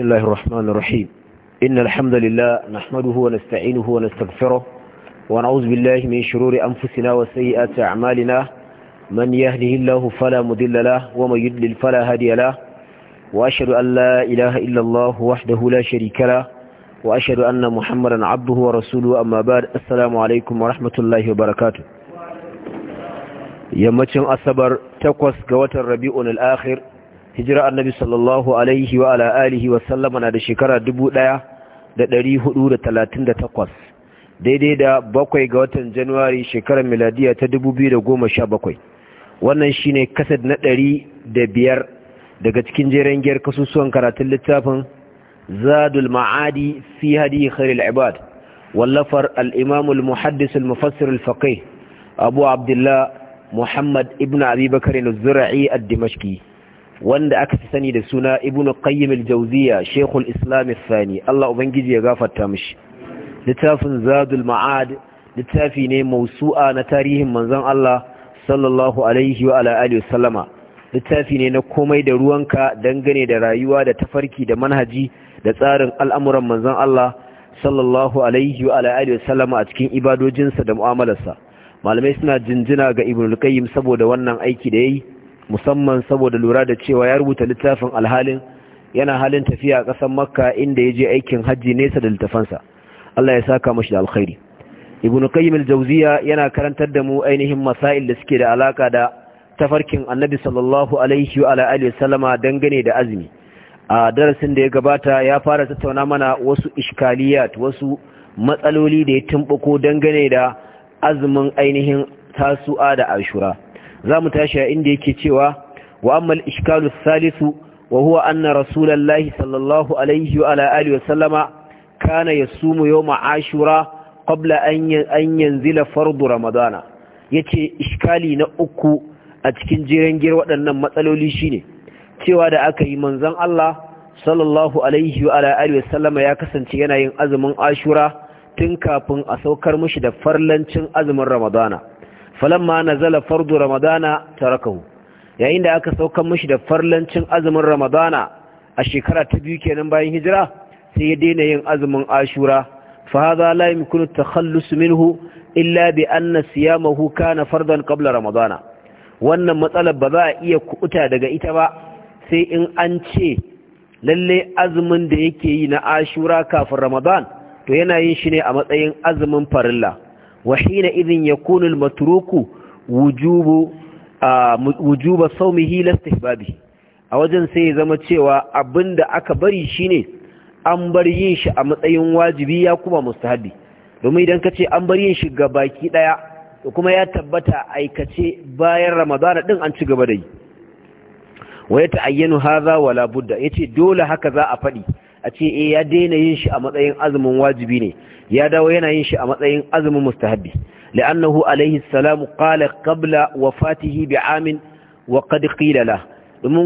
بسم الله الرحمن الرحيم إن الحمد لله نحمده ونستعينه ونستغفره ونعوذ بالله من شرور أنفسنا وسيئات أعمالنا من يهده الله فلا مضل له ومن يضلل فلا هادي له وأشهد أن لا إله إلا الله وحده لا شريك له وأشهد أن محمدا عبده ورسوله أما بعد السلام عليكم ورحمة الله وبركاته yammacin asabar takwas ga watan rabi'un al'akhir hijira annabi sallallahu alaihi wa ala alihi wa sallama na da shekara 1438 daidai da bakwai ga watan januwari shekarar miladiya ta 2017 wannan shine kasad na ɗari da biyar daga cikin jeren giyar kasusuwan karatun littafin zadul ma'adi fi hadi khairul ibad wallafar al-imam al-muhaddis al-mufassir al-faqih abu abdullah muhammad ibn abi bakr az-zura'i ad-dimashqi wanda aka fi sani da suna ibn qayyim al-jawziya al islam al-thani Allah ubangiji ya gafarta mishi littafin zadul ma'ad littafi ne mausu'a na tarihin manzon Allah sallallahu alaihi wa ala alihi wasallama littafi ne na komai da ruwanka dangane da rayuwa da tafarki da manhaji da tsarin al'amuran manzon Allah sallallahu alaihi wa ala alihi wasallama a cikin ibadojinsa da mu'amalarsa malamai suna jinjina ga ibn al-qayyim saboda wannan aiki da yayi musamman saboda lura da cewa ya rubuta littafin alhalin yana halin tafiya a ƙasar makka inda ya je aikin hajji nesa da littafansa Allah ya saka mashi da alkhairi ibn qayyim al yana karantar da mu ainihin masail da suke da alaka da tafarkin annabi sallallahu alaihi wa alihi wasallama dangane da azumi a darasin da ya gabata ya fara tattauna mana wasu iskaliyat wasu matsaloli da ya tumbuko dangane da azumin ainihin tasu'a da ashura za mu tashi a inda yake cewa wa ammal ishkalu salisu wa huwa anna rasulullahi sallallahu alaihi wa ala alihi wa sallama kana yasumu yawma ashura qabla an yanzila fardu ramadana yace iskali na uku a cikin jiran gir waɗannan matsaloli shine cewa da aka yi manzon Allah sallallahu alaihi wa ala alihi wa sallama ya kasance yana yin azumin ashura tun kafin a saukar mishi da farlancin azumin ramadana falamma nazala fardu ramadana tarakahu yayin da aka sauka mishi da farlancin azumin ramadana a shekara ta biyu kenan bayan hijira sai ya daina yin azumin ashura fa hadha la yumkinu takhallus minhu illa bi anna siyamahu kana fardan qabla ramadana wannan matsalar ba za a iya kubuta daga ita ba sai in an ce lalle azumin da yake yi na ashura kafin ramadan to yana yin shi ne a matsayin azumin farilla وحين إذن يكون المتروك وجوب وجوب hilar لاستحبابه a wajen sai ya zama cewa abinda aka bari shine an bar yin shi a matsayin wajibi ya kuma mustahabi domin idan ka ce an bar yin shi ga baki daya kuma ya tabbata aikace bayan ramadana din an ci gaba da yi wa ya ta'ayyanu wa wala budda yace dole haka za a faɗi. a ce eh ya daina yin shi a matsayin azumin wajibi ne ya dawo yana yin shi a matsayin azumin mustahabbi li'annahu alaihi salam qala qabla wafatihi bi'amin wa qad qila la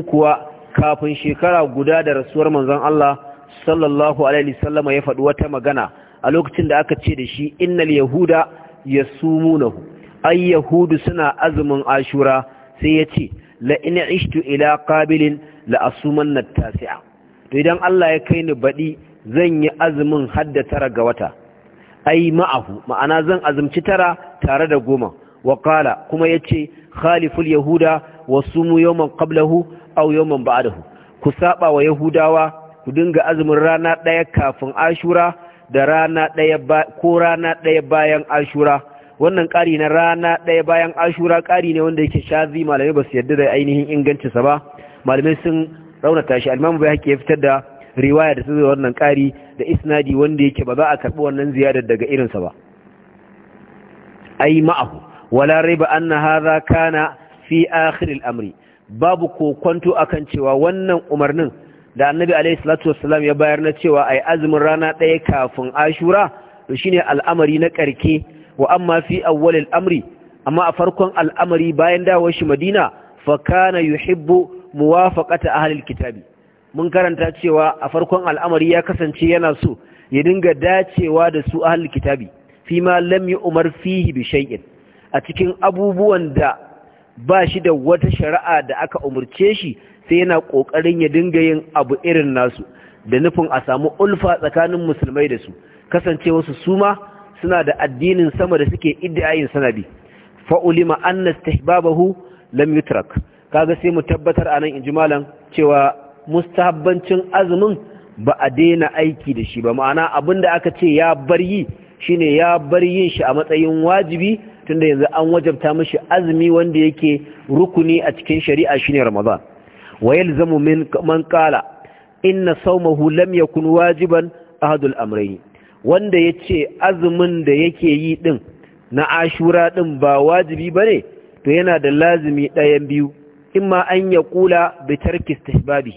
kuwa kafin shekara guda da rasuwar manzon Allah sallallahu alaihi wasallam ya faɗi wata magana a lokacin da aka ce da shi innal yahuda yasumunahu ay yahudu suna azumin ashura sai ya ce la in ishtu ila qabilin la asumanna tasi'a to idan Allah ya kai ni baɗi zan yi azumin hadda tara ga wata ai ma'ahu ma'ana zan azumci tara tare da goma wa Kuma kuma ce, khaliful yahuda wasumu yawman qablahu aw yawman ba'dahu ku saba wa yahudawa ku dinga azumin rana daya kafin ashura da rana daya ko rana daya bayan ashura wannan ƙari na rana ɗaya bayan ashura ƙari ne wanda yake shazi malamai ba su yarda da ainihin ingancinsa ba malamai sun raunata shi al-Imam Bayhaqi ya fitar da riwaya da ta wannan ƙari da isnadi wanda yake ba za a karɓi wannan ziyarar daga irinsa ba ai ma'ahu wala riba anna hadha kana fi akhir al-amri babu kokonto akan cewa wannan umarnin da annabi alayhi salatu wassalam ya bayar na cewa ai azumin rana ɗaya kafin ashura to shine al'amari na karke wa amma fi awwal al-amri amma a farkon al'amari bayan dawo shi madina fa kana yuhibbu muwafaqata ahlil kitabi mun karanta cewa a farkon al'amari ya kasance yana so ya dinga dacewa da su ahlil kitabi fi ma lam yu'mar fihi bi shay'in a cikin abubuwan da ba shi da wata shari'a da aka umurce shi sai yana kokarin ya dinga yin abu irin nasu da nufin a samu ulfa tsakanin musulmai da su kasancewa su suma suna da addinin sama da suke iddiayin sanabi fa ulima anna lam yutrak kaga sai mu tabbatar anan inji malam cewa mustahabbancin azumin ba a daina aiki da shi ba ma'ana abin da aka ce ya bar yi shine ya bar yin shi a matsayin wajibi tunda yanzu an wajabta mishi azumi wanda yake rukuni a cikin shari'a shine Ramadan wa yalzamu min man qala inna sawmuhu lam yakun wajiban ahadul amrayn wanda yace azumin da yake yi din na Ashura din ba wajibi bane to yana da lazimi ɗayan biyu imma an ya kula bitar istihbabi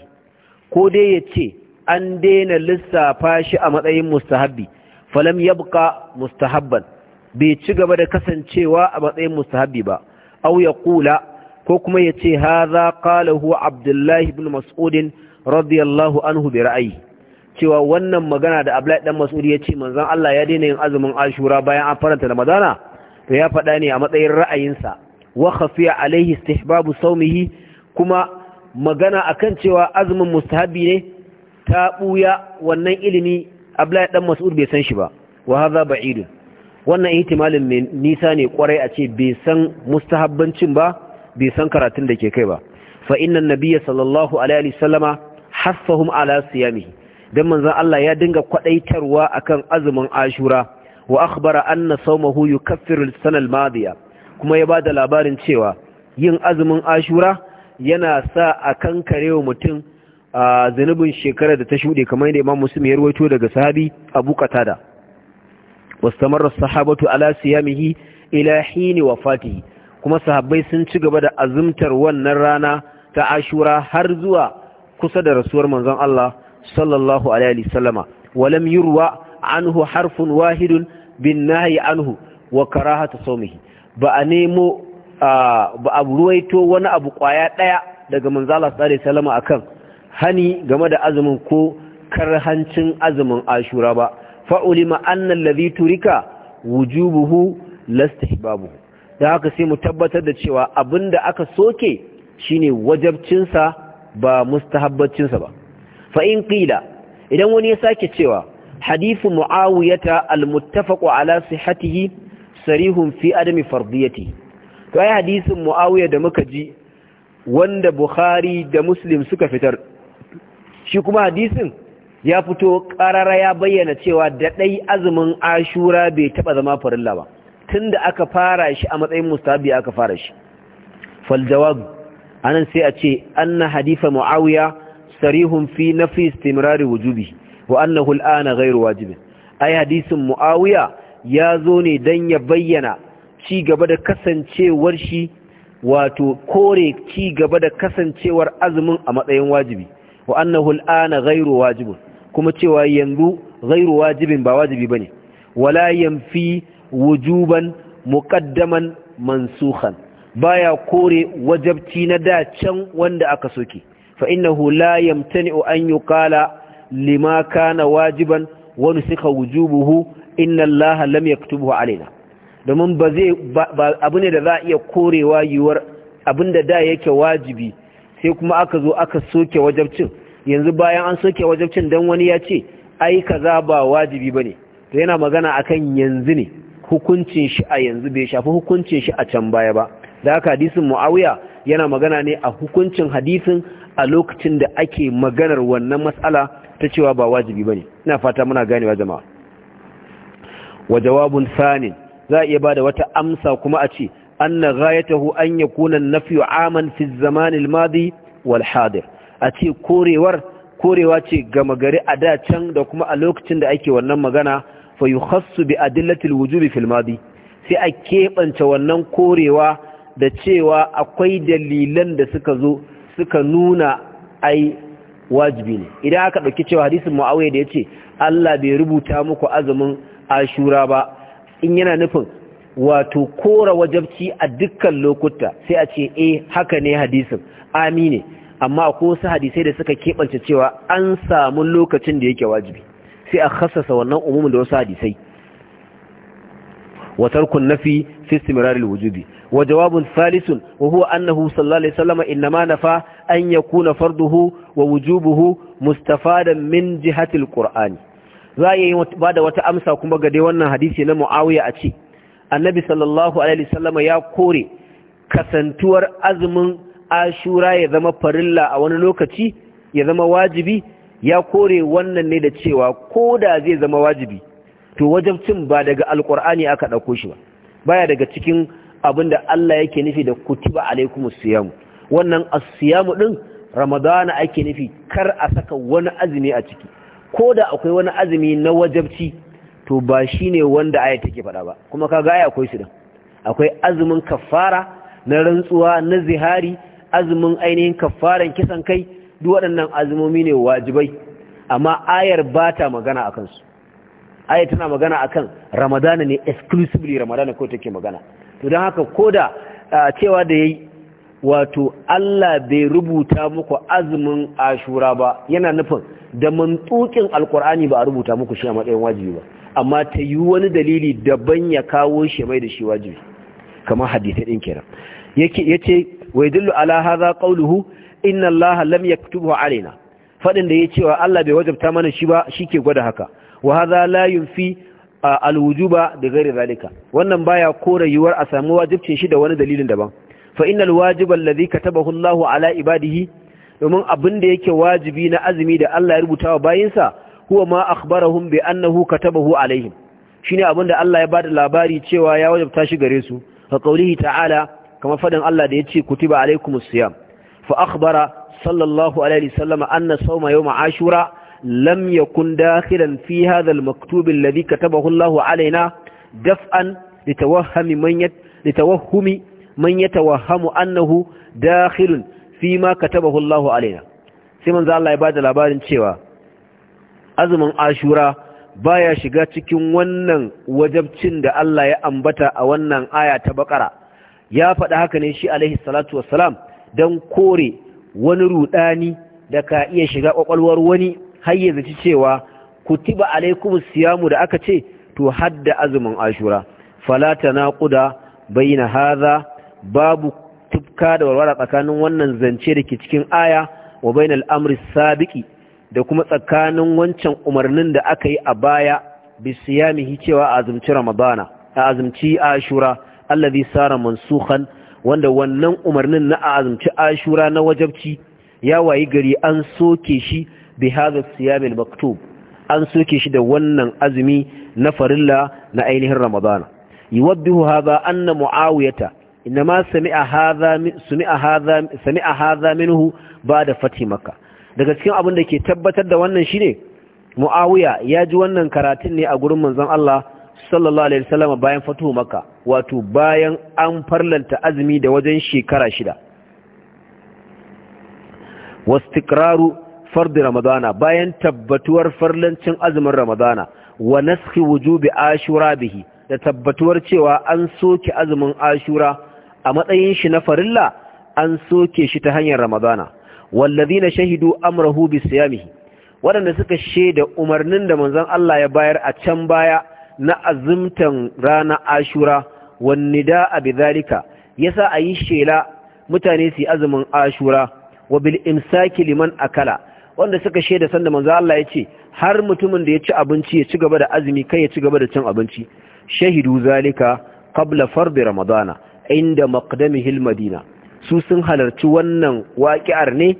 ko dai ya ce an daina lissafa shi a matsayin mustahabbi falam yabqa mustahabban bai ci gaba da kasancewa a matsayin mustahabbi ba aw ya kula ko kuma ya ce haza qalahu abdullahi ibn mas'ud radiyallahu anhu bi ra'ayi cewa wannan magana da abdullahi dan mas'ud ya ce manzon Allah ya daina yin azumin ashura bayan an faranta ramadana to ya faɗa ne a matsayin ra'ayinsa wa khafiya alaihi istihbabu saumihi kuma magana akan cewa azumin mustahabi ne ta buya wannan ilimi Abdullahi dan Mas'ud bai san shi ba wa hadha ba'id wannan ihtimalin mai nisa ne kwarai a ce bai san mustahabbancin ba bai san karatun da ke kai ba fa inna nabiyya sallallahu alaihi wasallama haffahum ala siyamihi dan manzon Allah ya dinga kwadaitarwa akan azumin Ashura wa akhbara anna sawmahu yukaffiru as-sana kuma ya ba da labarin cewa yin azumin ashura yana sa a kankare wa mutum a zunubin shekarar da ta shuɗe kamar da imam muslim ya ruwaito daga sahabi abu qatada wastamarra sahabatu ala siyamihi ila hini wafatihi kuma sahabbai sun ci gaba da azumtar wannan rana ta ashura har zuwa kusa da rasuwar manzon Allah sallallahu alaihi wasallama walam yurwa anhu harfun wahidun bin nahyi anhu wa karahatu sawmihi ba a nemo ba a ruwaito wani abu kwaya ɗaya daga manzala tsare salama akan hani game da azumin ko karhancin azumin ashura ba fa'uli annan lazi turika wujubuhu lastihbabu da haka sai mu tabbatar da cewa abinda aka soke shine wajabcinsa ba mustahabbacinsa ba fa'in ƙila idan wani ya sake cewa hadithu muawiyata almuttafaqu ala sihatihi sarihun fi adami fardiyati to ai hadisin muawiya da muka ji wanda bukhari da muslim suka fitar shi kuma hadisin ya fito karara ya bayyana cewa da dai azumin ashura bai taba zama farilla ba tunda aka fara shi a matsayin mustahabi aka fara shi fal jawab anan sai a ce anna hadifa muawiya sarihun fi nafi istimrari wujubi wa annahu al'ana ghairu wajib ai hadisin muawiya ya zo ne don ya bayyana ci gaba da kasancewar shi wato kore ci gaba da kasancewar azumin a matsayin wajibi wa annahu al'ana ghairu wajibin, kuma cewa yanzu ghairu wajibin ba wajibi bane wala yanfi wujuban muqaddaman mansukhan baya kore wajabci na da can wanda aka soke fa innahu la yamtani an yuqala lima kana wajiban wa nusikha wujubuhu inna allaha lam yaktubuhu alaina domin ba zai abu ne da za a iya korewa yiwuwar abinda da yake wajibi sai kuma aka zo aka soke wajabcin yanzu bayan an soke wajabcin dan wani ya ce ai kaza ba wajibi bane to yana magana akan yanzu ne hukuncin shi a yanzu bai shafi hukuncin shi a can baya ba da haka hadisin muawiya yana magana ne a hukuncin hadisin a lokacin da ake maganar wannan matsala ta cewa ba wajibi bane ina fata muna ganewa jama'a wa jawabun sanin za a iya ba da wata amsa kuma a ce anna ghayatahu an yakuna an-nafyu aman fi az-zaman al-madi wal hadir a ce korewar korewa ce gama gari a da can da kuma a lokacin da ake wannan magana fa yukhassu bi adillatil wujubi fil madi sai a keɓance wannan korewa da cewa akwai dalilan da suka zo suka nuna ai wajibi ne idan aka ɗauki cewa hadisin mu'awiyya da ya ce Allah bai rubuta muku azumin ashura ba in yana nufin wato kora wajabci a dukkan lokuta sai a ce eh haka ne hadisin amine amma ko su hadisai da suka kebance cewa an samu lokacin da yake wajibi sai a khassasa wannan umumin da wasu hadisai wa tarkun nafi fi istimrari alwujubi wa jawabun salisun wa huwa annahu sallallahu alaihi wasallam inma nafa an yakuna farduhu wa wujubuhu mustafadan min jihati alqur'ani za a yi ba da wata amsa kuma ga dai wannan hadisi na mu'awiya a ce annabi sallallahu alaihi sallama ya kore kasantuwar azumin ashura ya zama farilla a wani lokaci ya zama wajibi ya kore wannan ne da cewa ko da zai zama wajibi to wajabcin ba daga alkur'ani aka ɗauko shi ba baya daga cikin abin da Allah yake nufi da kutiba alaikumus siyamu wannan as-siyamu din ramadana ake nufi kar a saka wani azumi a ciki ko da akwai wani azumi na wajabci to ba shi ne wanda aya take faɗa ba kuma kaga aya akwai su da. akwai azumin kafara na rantsuwa na zihari azumin ainihin kafaran kisan kai duk waɗannan azumomi ne wajibai amma ayar ba ta magana a kansu ayar tana magana akan kan ramadana ne exclusively ramadana ko take magana to don haka ko da cewa da ya yi wato allah bai rubuta muku azumin ashura ba yana nufin da mantukin alkur'ani ba a rubuta muku shi a matsayin wajibi ba amma ta yi wani dalili daban ya kawo shi mai da shi wajibi kamar hadita din kenan yake yace wa yadullu ala hadha qawluhu inna allaha lam yaktubu alaina fadin da ya cewa Allah bai wajabta mana shi ba shike gwada haka wa hadha la yunfi alwujuba da ghairi zalika wannan baya kore yuwar a samu wajibcin shi da wani dalilin daban fa innal wajiba alladhi katabahu Allahu ala ibadihi domin abin da yake wajibi na azumi da Allah ya rubuta wa bayinsa huwa ma akhbarahum bi annahu katabahu alaihim shine abin da Allah ya bada labari cewa ya wajabta shi gare su fa qawlihi ta'ala kama faɗin Allah da yace kutiba alaikumus siyam fa akhbara sallallahu alaihi wasallam anna sawma yawm ashura lam yakun dakhilan fi hadha al alladhi katabahu Allah alaina daf'an litawahhami man yat man yatawahhamu annahu dakhilun fi ma katabahu hullahu alaina sai manzo Allah ya bada labarin cewa azumin Ashura baya shiga cikin wannan wajabcin da Allah ya ambata a wannan aya ta Bakara ya faɗa haka ne shi alaihi salatu wassalam dan kore wani rudani da ka iya shiga kwakwalwar wani har ya zaci cewa kutiba siya siyamu da aka ce to hadda azumin Ashura fala tanaquda bayna hadha babu tufka da warwara tsakanin wannan zance da ke cikin aya wa bainal amri sabiki da kuma tsakanin wancan umarnin da aka yi a baya mihi cewa azumci ramadana a azumci ashura allazi sara mansukhan wanda wannan umarnin na azumci ashura na wajabci ya wayi gari an soke shi bi hadha siyamil maktub an soke shi da wannan azumi na farilla na ainihin ramadana yuwaddihu hadha anna muawiyata inma سمع هذا sami'a hadha sami'a hadha daga cikin abin da ke tabbatar da wannan shine muawiya ya ji wannan karatun ne a gurin manzon Allah sallallahu alaihi wasallam bayan fatuhu makka wato bayan an farlanta azumi da wajen shekara shida wastiqraru fard ramadana bayan tabbatuwar farlancin azumin ramadana wa naskhi wujubi ashura bihi da tabbatuwar cewa an soke azumin ashura a matsayin shi na farilla an soke shi ta hanyar ramadana na shahidu amrahu bisiyamihi waɗanda suka shaida umarnin da manzon Allah ya bayar a can baya na azumtan rana ashura wan ya sa yasa ayi shela mutane su azumin ashura wa bil imsaki liman akala wanda suka shaida sanda manzon Allah ya ce har mutumin da ya ci abinci ya ci gaba da azumi kai ya ci gaba da cin abinci shahidu zalika qabla fardi ramadana inda maqdamihil madina su sun halarci wannan waƙi'ar ne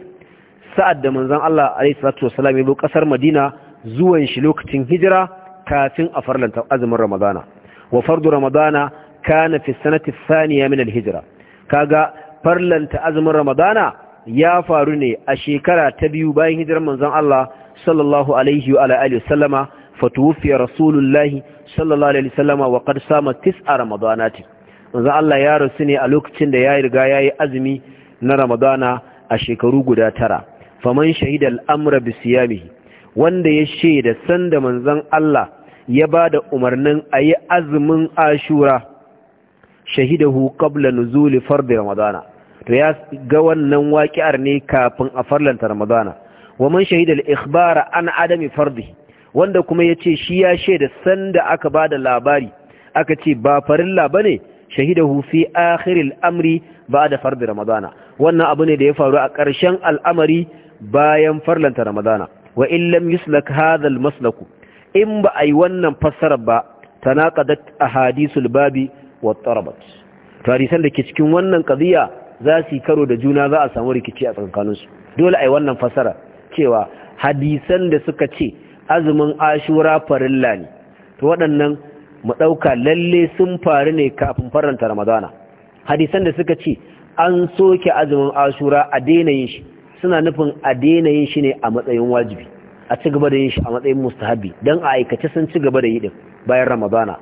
sa'ad da manzon Allah alaihi salatu wasallam ya zo kasar Madina zuwan shi lokacin hijira kafin a farlanta azumin Ramadana wa fardu Ramadana kana fi sanati thaniya min al kaga farlanta azumin Ramadana ya faru ne a shekara ta biyu bayan hijirar manzon Allah sallallahu alaihi wa alihi wasallama rasulullahi sallallahu alaihi wasallama wa qad sama tis'a ramadanati manzon Allah ya rasu ne a lokacin da ya riga ya yi azumi na Ramadana a shekaru guda tara faman shahida amura amra wanda ya shaida sanda manzon Allah ya ba da umarnin a yi azumin Ashura shahidahu qabla nuzuli farbe Ramadana to ya ga wannan waƙi'ar ne kafin a farlanta Ramadana waman shahidar ikhbara an adami farbe, wanda kuma ya ce shi ya shaida sanda aka ba da labari aka ce ba farilla ne? shahidahu fi akhiril amri ba'da fardi ramadana wannan abu ne da ya faru a ƙarshen al'amari bayan farlanta ramadana wa in lam yuslak hadha maslaku in ba ai wannan fassarar ba tanaqadat ahadithul babi wa tarabat tarisan da ke cikin wannan qadiya za su karo da juna za a samu rikici a tsakaninsu dole ai wannan fassara cewa hadisan da suka ce azumin ashura farilla ne to waɗannan mu ɗauka lalle sun faru ne kafin faranta ramadana hadisan da suka ce an soke azumin ashura a daina yin shi suna nufin a daina yin shi ne a matsayin wajibi a ci gaba da yin shi a matsayin mustahabi don a aikace sun ci gaba da yi din bayan ramadana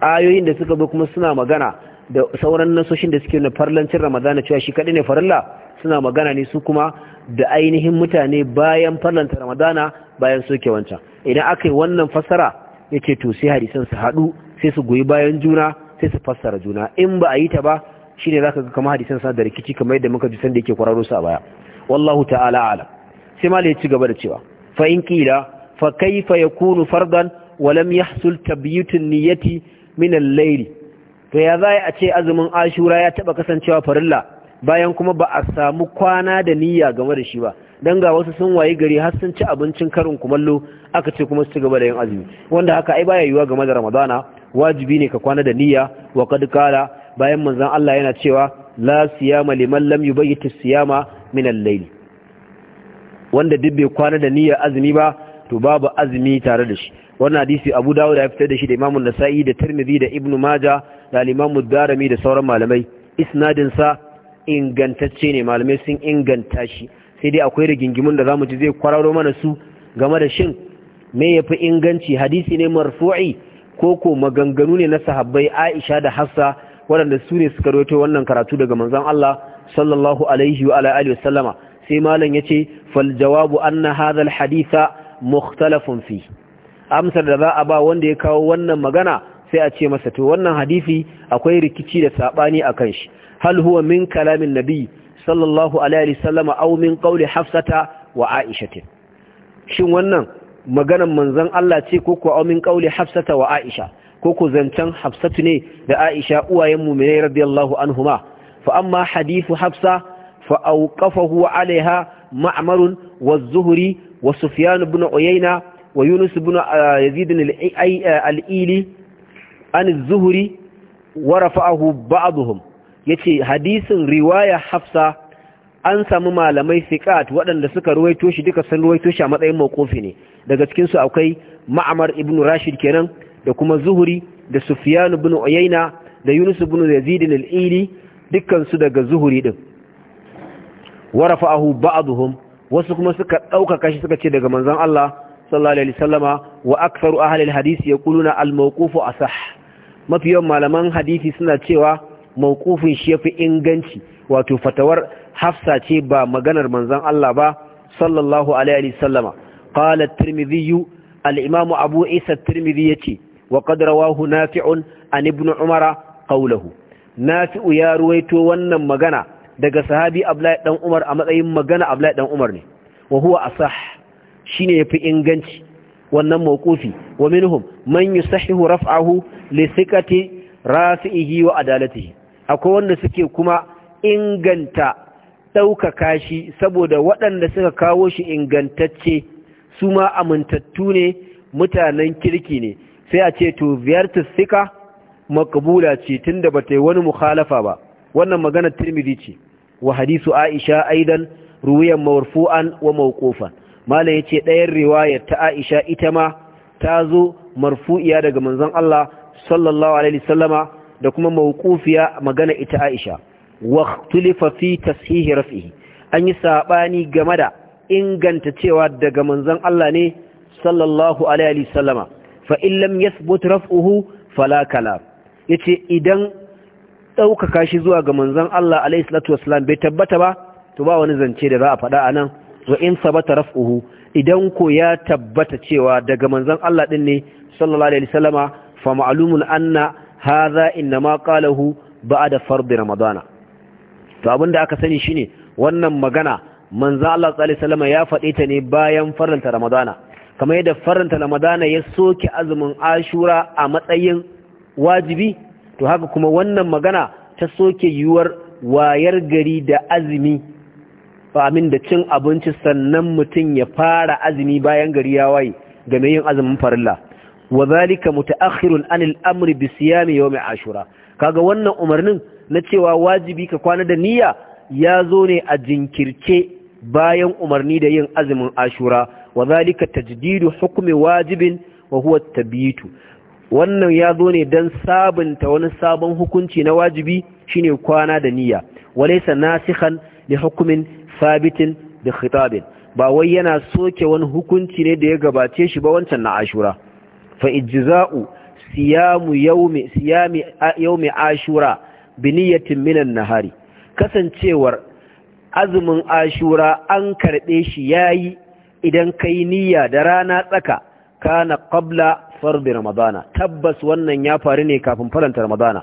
ayoyin da suka bi kuma suna magana da sauran nasoshin da suke na farlancin ramadana cewa shi kaɗai ne farilla suna magana ne su kuma da ainihin mutane bayan farlanta ramadana bayan soke wancan idan aka yi wannan fassara yace to sai hadisan su haɗu sai su goyi bayan juna sai su fassara juna in ba a yi ta ba shi ne zaka ga kama hadisan sa da rikici kamar yadda muka ji san da yake kwararo sa baya wallahu ta'ala ala sai malai ya ci gaba da cewa fa in qila fa kayfa yakunu fardan wa lam yahsul tabyitun niyyati min al-layl to ya zai a ce azumin ashura ya taba kasancewa farilla bayan kuma ba a samu kwana da niyya game da shi ba dan ga wasu sun wayi gari har sun ci abincin karin kumallo aka ce kuma su ci gaba da yin azumi wanda haka ai baya yiwuwa game da ramadana wajibi ne ka kwana da niyya wa kad kala bayan manzon Allah yana cewa la siyama liman lam yubayyit siyama min al-layl wanda duk bai kwana da niyya azumi ba to babu azumi tare da shi wannan hadisi Abu Dawud ya fitar da shi da Imam Nasa'i da Tirmidhi da Ibn Majah da Imam Darimi da sauran malamai isnadin sa ingantacce ne malamai sun inganta shi sai dai akwai rigingimun da zamu ji zai kwararo mana su game da shin me yafi inganci hadisi ne marfu'i ko ko maganganu ne na sahabbai Aisha da Hafsa waɗanda su ne suka rawaito wannan karatu daga manzon Allah sallallahu alaihi wa ala alihi wasallama sai malam yace fal jawabu anna hadha al haditha mukhtalafun fi amsar da za a ba wanda ya kawo wannan magana sai a ce masa to wannan hadisi akwai rikici da sabani akan shi hal huwa min kalamin nabi sallallahu alaihi wasallam aw min qawli hafsata wa aishatin shin wannan maganan manzon Allah ce ko ku aw min hafsata wa aisha ko ku zancen hafsatu ne da aisha uwayen mu'minai radiyallahu anhuma fa amma hadithu hafsa fa awqafahu alaiha ma'mar wa zuhri wa sufyan ibn uyayna wa yunus ibn uh, yazid al-aili uh, an az-zuhri ورفعه بعضهم yace hadisin riwaya hafsa an samu malamai siqat waɗanda suka ruwaito shi duka sun ruwaito shi a matsayin mawqufi ne daga cikin su akwai ma'amar ibnu rashid kenan da kuma zuhuri da sufyan ibn uyayna da yunus ibn yazid al-ili dukkan su daga zuhuri din warafa'ahu ba'dhum wasu kuma suka dauka kashi suka ce daga manzon Allah sallallahu alaihi wasallama wa aktharu ahli al-hadith yaquluna al-mawqufu asah mafiyan malaman hadisi suna cewa mawqufin shi yafi inganci wato fatawar hafsa ce ba maganar manzon Allah ba sallallahu alaihi wasallama qala at al-imam abu isa at ya yace wa qad rawahu nafi'un an ibn umara qawluhu nafi'u ya ruwaito wannan magana daga sahabi abdullahi dan umar a matsayin magana abdullahi dan umar ne wa huwa asah ya yafi inganci wannan mawqufi wa minhum man yusahihu raf'ahu li thiqati rafi'ihi wa adalatihi akwai wanda suke kuma inganta ɗaukaka shi saboda waɗanda suka kawo shi ingantacce su ma amintattu ne mutanen kirki ne sai a ce to ziyartar suka makabula ce tunda ba ta yi wani mukhalafa ba wannan maganar tirmidhi ce wa hadisu aisha aidan ruwayan marfu'an wa mawqufan malam yace ɗayan riwayar ta aisha ita ma ta zo marfu'iya daga manzon Allah sallallahu alaihi wasallama da kuma mawqufiya magana ita Aisha wa ikhtilafa fi tashihi raf'ihi an yi sabani game da inganta cewa daga manzon Allah ne sallallahu alaihi wasallama fa in lam yathbut raf'uhu fala kalam yace idan ɗaukaka shi zuwa ga manzon Allah alaihi salatu wasallam bai tabbata ba to ba wani zance da za a faɗa anan wa in sabata raf'uhu idan ko ya tabbata cewa daga manzon Allah din ne sallallahu alaihi wasallama fa ma'lumun anna haza inna ma qalahu ba'da fard ramadana to abinda aka sani shine wannan magana manzo Allah sallallahu alaihi wasallam ya faɗi ta ne bayan faranta ramadana kamar yadda faranta ramadana ya soke azumin ashura a matsayin wajibi to haka kuma wannan magana ta soke yiwuwar wayar gari da azumi amin da cin abinci sannan mutum ya fara azumi bayan gari ya waye game yin azumin farilla wa zalika mutaakhirun anil amri bi siyami yawm ashura kaga wannan umarnin na cewa wajibi ka kwana da niyya ya zo ne a jinkirce bayan umarni da yin azumin ashura wa zalika tajdidu hukmi wajibin wa huwa tabitu wannan ya zo ne dan sabunta wani sabon hukunci na wajibi shine kwana da niyya walaysa nasikhan li hukmin thabitin bi khitabin ba wai yana soke wani hukunci ne da ya gabace shi ba wancan na ashura fa ijza'u siyamu yawmi siyami yawmi ashura bi niyyatin minan kasancewar azumin ashura an karbe shi yayi idan kai niyya da rana tsaka kana qabla fardi ramadana tabbas wannan ya faru ne kafin faranta ramadana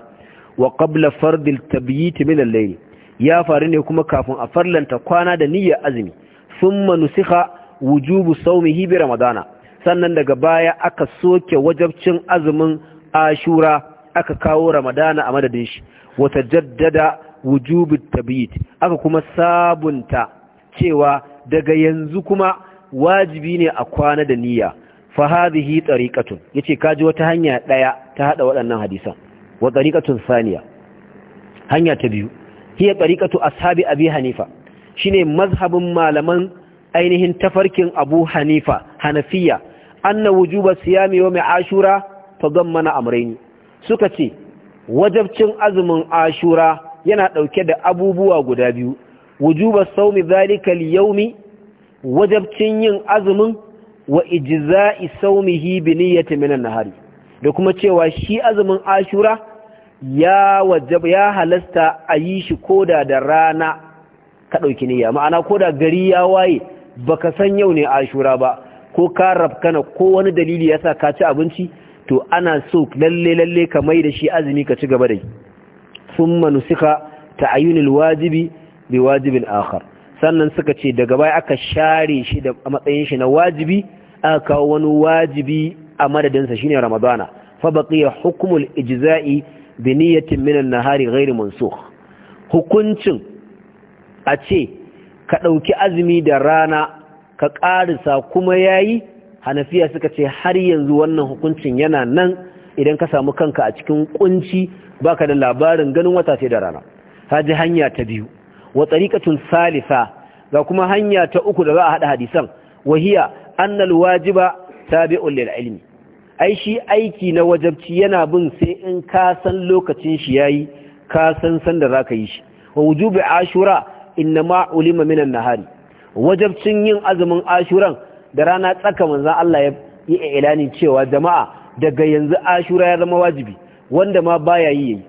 wa qabla fardi tabyit min al-layl ya faru ne kuma kafin a farlanta kwana da niyyar azumi thumma nusikha wujubu sawmihi bi ramadana sannan daga baya aka soke wajabcin azumin ashura aka kawo ramadana a madadin shi wata jaddada wujubin tabiit aka kuma sabunta cewa daga yanzu kuma wajibi ne a kwana da niyya fa hadhihi tariqatun yace kaji wata hanya daya ta hada waɗannan hadisan wa tariqatun saniya hanya ta biyu hiya tariqatu ashabi abi hanifa shine mazhabin malaman ainihin tafarkin abu hanifa hanafiya anna wujuba siyami wa ashura gan mana amrayn suka ce wajabcin azumin ashura yana dauke da abubuwa guda biyu wujuba sawmi zalikal yawmi wajabcin yin azumin wa ijza'i sawmihi bi niyyati min an-nahari da kuma cewa shi azumin ashura ya wajab ya halasta a yi shi koda da rana ka dauki niyya ma'ana koda gari ya waye baka san yau ne ashura ba ko ka rabkana ko wani dalili yasa ka ci abinci to ana so lalle lalle ka mai da shi azumi ka ci gaba da shi summa nusika ta'ayyunul wajibi bi wajibin akhar sannan suka ce daga baya aka share shi da matsayin shi na wajibi aka kawo wani wajibi a madadinsa shine ramadana fa baqiya hukmul ijza'i bi niyyatin min an-nahari ghairu mansukh hukuncin a ce ka dauki azumi da rana ka ƙarisa kuma ya yi hanafiya suka ce har yanzu wannan hukuncin yana nan idan ka samu kanka a cikin kunci baka da labarin ganin wata sai da rana ta ji hanya ta biyu wa tsarikatun salisa ga kuma hanya ta uku da za a haɗa hadisan wahiya annal wajiba ta lil ilmi ai shi aiki na wajabci yana bin sai in ka san lokacin shi yayi ka san san da zaka yi shi wa wujubi ashura inma ulima minan nahari wajabcin yin azumin ashuran da rana tsaka manzan Allah ya yi ilani cewa jama'a daga yanzu ashura ya zama wajibi wanda ma baya yi yayi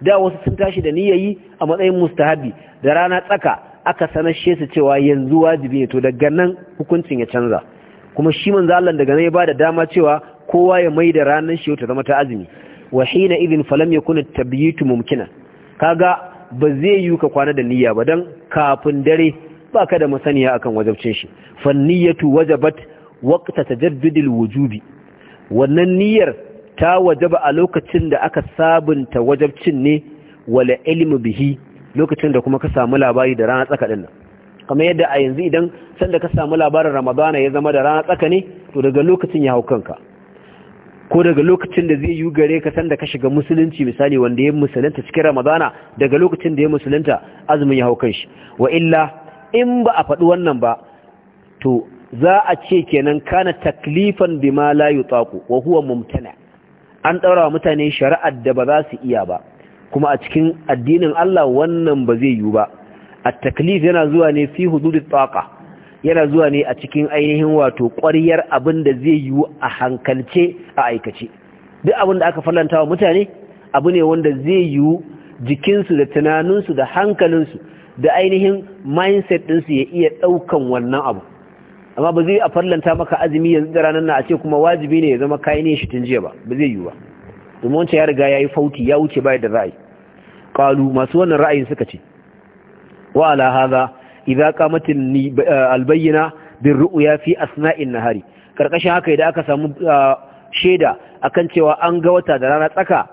da wasu sun tashi da niyyayi a matsayin mustahabi da rana tsaka aka sanar shi su cewa yanzu wajibi ne to daga nan hukuncin ya canza kuma shi manzo Allah daga nan ya bada dama cewa kowa ya mai da ranar shi ta zama ta azumi wa hina idin falam yakun at-tabyitu mumkina kaga ba zai yi ka kwana da niyya ba dan kafin dare ba ka da masaniya akan wajabcin shi fanniyatu wajabat waqta tajaddudil wujubi wannan niyyar ta wajaba a lokacin da aka sabunta wajabcin ne wala ilmu bihi lokacin da kuma ka samu labari da rana tsaka din kamar yadda a yanzu idan sanda ka samu labarin ramadana ya zama da rana tsaka ne to daga lokacin ya hau kanka ko daga lokacin da zai yi gare ka sanda ka shiga musulunci misali wanda ya musulunta cikin ramadana daga lokacin da ya musulunta azumin ya hau kanshi wa illa in ba a faɗi wannan ba to za a ce kenan kana taklifan bima la yutaqu wa huwa mumtana an daura wa mutane shari'ar da ba za su iya ba kuma a cikin addinin Allah wannan ba zai yiwu ba at-taklif yana zuwa ne fi hududit taqa yana zuwa ne a cikin ainihin wato ƙwariyar abin da zai yiwu a hankalce a aikace duk abin da aka fallanta wa mutane abu ne wanda zai yiwu jikinsu da tunaninsu da hankalinsu da ainihin mindset ɗinsu ya iya ɗaukan wannan abu amma ba zai a farlanta maka azumi yanzu da ranar na a ce kuma wajibi ne ya zama kayan yin shi tun jiya ba ba zai yi ba domin wancan ya riga ya yi fauti ya wuce bai da ra'ayi ƙalu masu wannan ra'ayin suka ce wa ala haza idza qamatin albayyana bin ru'ya fi asna'in nahari karkashin haka idan aka samu ah, shaida akan cewa an ga wata da rana tsaka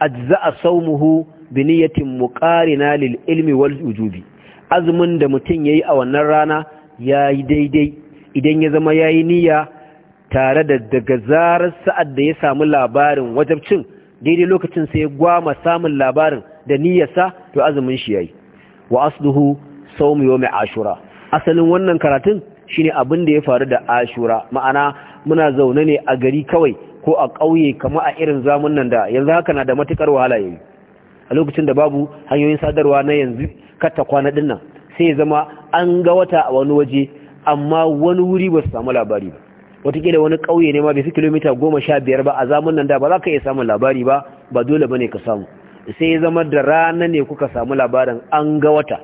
ajza'a sawmuhu biniyatin muqarina lil ilmi wal wujubi azumin da mutum yayi a wannan rana yayi daidai idan ya zama yayi niyya tare da daga zarar sa'ad da ya samu labarin wajabcin daidai lokacin sai ya gwama samun labarin da niyyarsa to azumin shi yayi wa asluhu sawm yawm ashura asalin wannan karatun shine abin da ya faru da ashura ma'ana muna zaune ne a gari kawai ko a ƙauye kamar a irin zamun nan da yanzu haka na da matukar wahala yayi a lokacin da babu hanyoyin sadarwa na yanzu katta kwana din nan sai ya zama an ga wata a wani waje amma wani wuri ba su samu labari ba watakila wani ƙauye ne ma bai fi kilomita goma sha biyar ba a zamun nan da ba za ka iya samun labari ba ba dole ba ne ka samu sai ya zama da rana ne kuka samu labarin an ga wata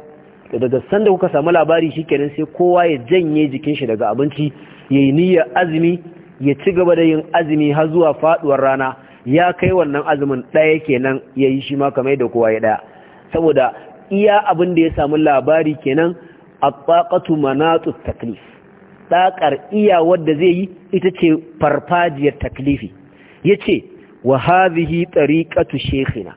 daga sanda kuka samu labari kenan, sai kowa ya janye jikin shi daga abinci ya yi niyyar azumi ya ci gaba da yin azumi har zuwa faduwar rana ya kai wannan azumin ɗaya kenan ya yi shi maka kamar da kowa ya ɗaya saboda iya abin da ya samu labari kenan a tsakatu manatu taklif tsakar iya wadda zai yi ita ce farfajiyar taklifi ya ce wa hazihi shekina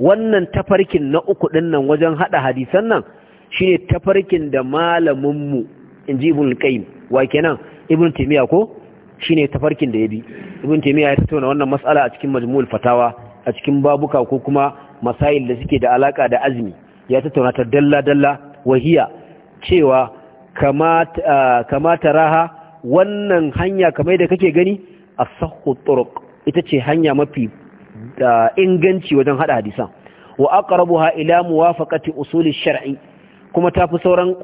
wannan tafarkin na uku ɗinnan wajen haɗa hadisan nan shi ne tafarkin da malaminmu in ji ibn qayyim wa ibn timiya ko Shi shine tafarkin da ya bi ibn taymiya ya tattauna wannan matsala a cikin majmul fatawa a cikin babuka ko kuma masail da suke da alaka da azumi ya tattauna ta dalla dalla wahiya cewa kamata raha wannan hanya kamar da kake gani as-sahhu turuq ita ce hanya mafi inganci wajen hada hadisan wa aqrabuha ila muwafaqati usuli shar'i kuma tafi sauran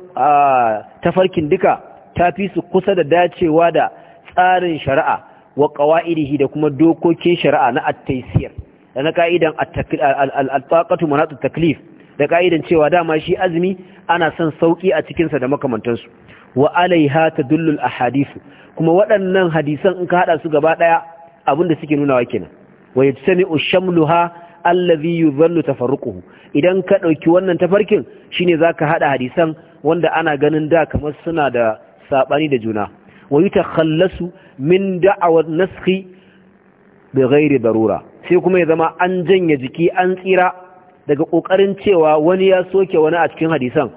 tafarkin duka tafi su kusa da dacewa da tsarin shari'a wa qawaidihi da kuma dokokin shari'a na at-taysir da na ka'idan al-taqatu manatu taklif da ka'idan cewa dama shi azumi ana son sauki a cikinsa da makamantansu wa alaiha tadullu al-ahadith kuma waɗannan hadisan in ka haɗa su gaba daya abinda suke nunawa kenan wa yajtami'u shamluha allazi yuzallu tafarruquhu idan ka ɗauki wannan tafarkin shine zaka haɗa hadisan wanda ana ganin da kamar suna da saɓani da juna wa yatakhallasu min da'awar naskhi bi ghairi darura sai kuma ya zama an janye jiki an tsira daga kokarin cewa wani ya soke wani a cikin hadisan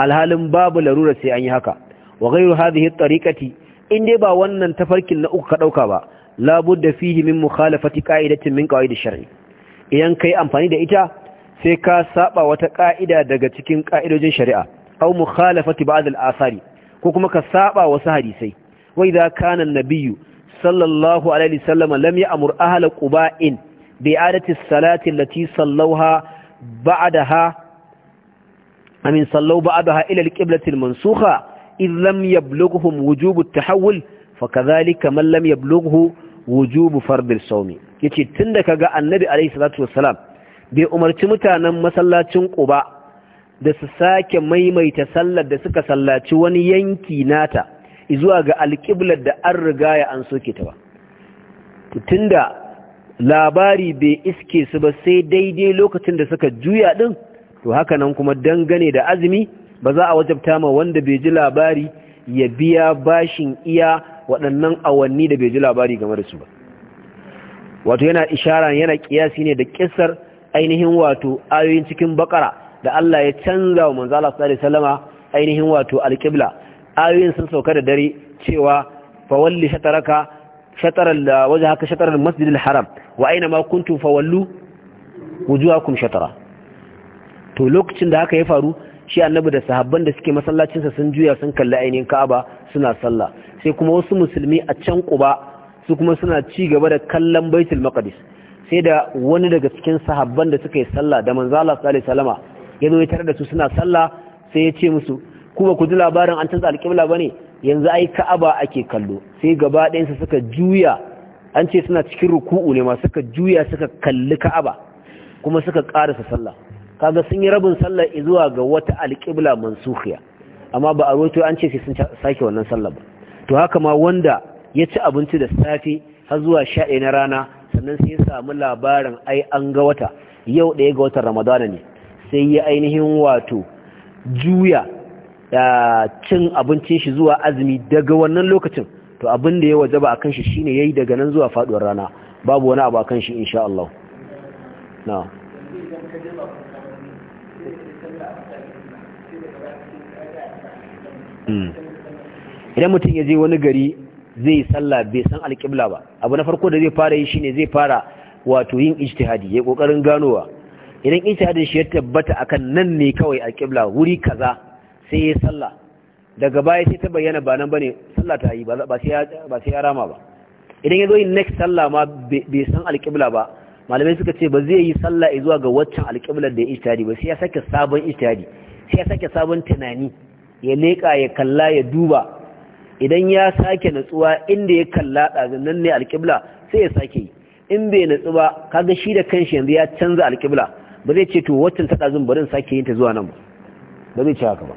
alhalin babu larura sai an yi haka wa ghairu hadhihi at-tariqati in dai ba wannan tafarkin na uku ka dauka ba labudda fihi min mukhalafati qa'idatin min qawaid shari idan kai amfani da ita sai ka saba wata ka'ida daga cikin ka'idojin shari'a aw mukhalafati ba'd al-asari ko kuma ka saba wasu hadisai Wai idza kana an-nabiyyu sallallahu alaihi wasallam lam ya'mur ahla quba'in bi adati as-salati allati sallawha amin sallaw ba'daha ila al-qiblati al-mansukha idh lam yablughuhum wujub at-tahawul fakadhalika man lam yablughu wujub fard as-sawm yace tunda kaga annabi bai umarci mutanen masallacin ƙuba da su sake maimaita sallar da suka sallaci wani yanki nata zuwa ga alƙiblar da an riga ya an soke ta ba da labari bai iske su ba sai daidai lokacin da suka juya ɗin, to haka nan kuma dangane da azumi ba za a wajabta ma wanda bai ji labari ya biya bashin iya waɗannan awanni da bai ji labari game da su ba wato yana ishara yana kiyasi ne da ƙisar ainihin wato ayoyin cikin bakara da Allah ya canza wa Manzala sallallahu alaihi wasallama ainihin wato alqibla ayoyin sun sauka da dare cewa fawalli shataraka shataral wajhaka shataral masjidil haram wa aina ma kuntum fawallu wujuhakum shatara to lokacin da haka ya faru shi annabi da sahabban da suke masallacinsa sun juya sun kalli ainihin Ka'aba suna sallah sai kuma wasu musulmi a can Quba su kuma suna ci gaba da kallon Baitul Maqdis sai da wani daga cikin sahabban da suka yi sallah da manzala Allah sallallahu alaihi wasallama ya zo da su suna sallah sai ya ce musu kuma ku ji labarin an canza alƙibla ba ne yanzu ai ka'aba ake kallo sai gaba ɗayansa suka juya an ce suna cikin ruku'u ne ma suka juya suka kalli ka'aba kuma suka karasa sallah kaga sun yi rabin sallah zuwa ga wata alƙibla mansukhiya amma ba a roto an ce sai sun sake wannan sallah ba to haka ma wanda ya ci abinci da safe har zuwa sha na rana sannan sai ya samu labarin ai an ga wata yau ɗaya ga watan ramadana ne sai ya ainihin wato juya cin abincin shi zuwa azumi daga wannan lokacin to abin da ya a akan shi shine yayi daga nan zuwa faduwar rana babu wani abu akan shi insha Allah hmm. idan mutum ya je wani gari zai yi sallah bai san alƙibla ba abu na farko da zai fara yi shine zai fara wato yin ijtihadi ya kokarin ganowa idan ijtihadin shi ya tabbata akan nan ne kawai alƙibla wuri kaza sai ya sallah daga baya sai ta bayyana ba nan bane sallah ta yi ba sai ya rama ba idan ya zo yin next sallah ma bai san alƙibla ba malamai suka ce ba zai yi sallah zuwa ga waccan alƙiblar da ya ijtihadi ba sai ya sake sabon ijtihadi sai ya sake sabon tunani ya leƙa ya kalla ya duba idan ya sake natsuwa inda ya kalla ɗazin nan ne alƙibla sai ya sake yi in bai natsu ba kaga shi da kanshi yanzu ya canza alƙibla ba zai ce to waccan ta ɗazin barin sake yin ta zuwa nan ba ba zai ce haka ba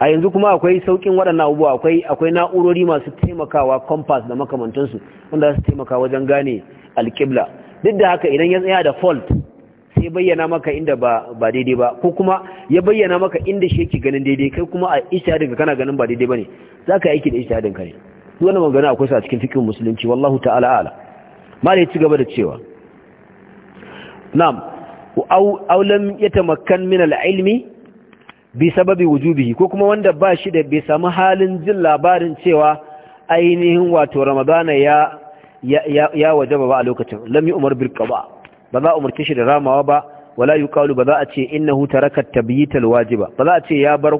a yanzu kuma akwai saukin waɗannan abubuwa akwai akwai na'urori masu taimakawa compass da makamantansu wanda su taimaka wajen gane alƙibla duk da haka idan ya tsaya da fault sai bayyana maka inda ba ba daidai ba ko kuma ya bayyana maka inda shi yake ganin daidai kai kuma a ishadin ka kana ganin ba daidai bane zaka aiki da ishadin ka ne duk wannan magana akwai sa cikin fiqh musulunci wallahu ta'ala ala malai ci gaba da cewa na'am aw aw lam yatamakkan min al-ilmi bi sababi wujubihi ko kuma wanda ba shi da bai samu halin jin labarin cewa ainihin wato ramadana ya ya wajaba ba a lokacin lam umar birka ba. ba za umarci shi da ramawa ba wala yuqalu ba za a ce innahu huta rakar al wajiba ba za a ce ya bar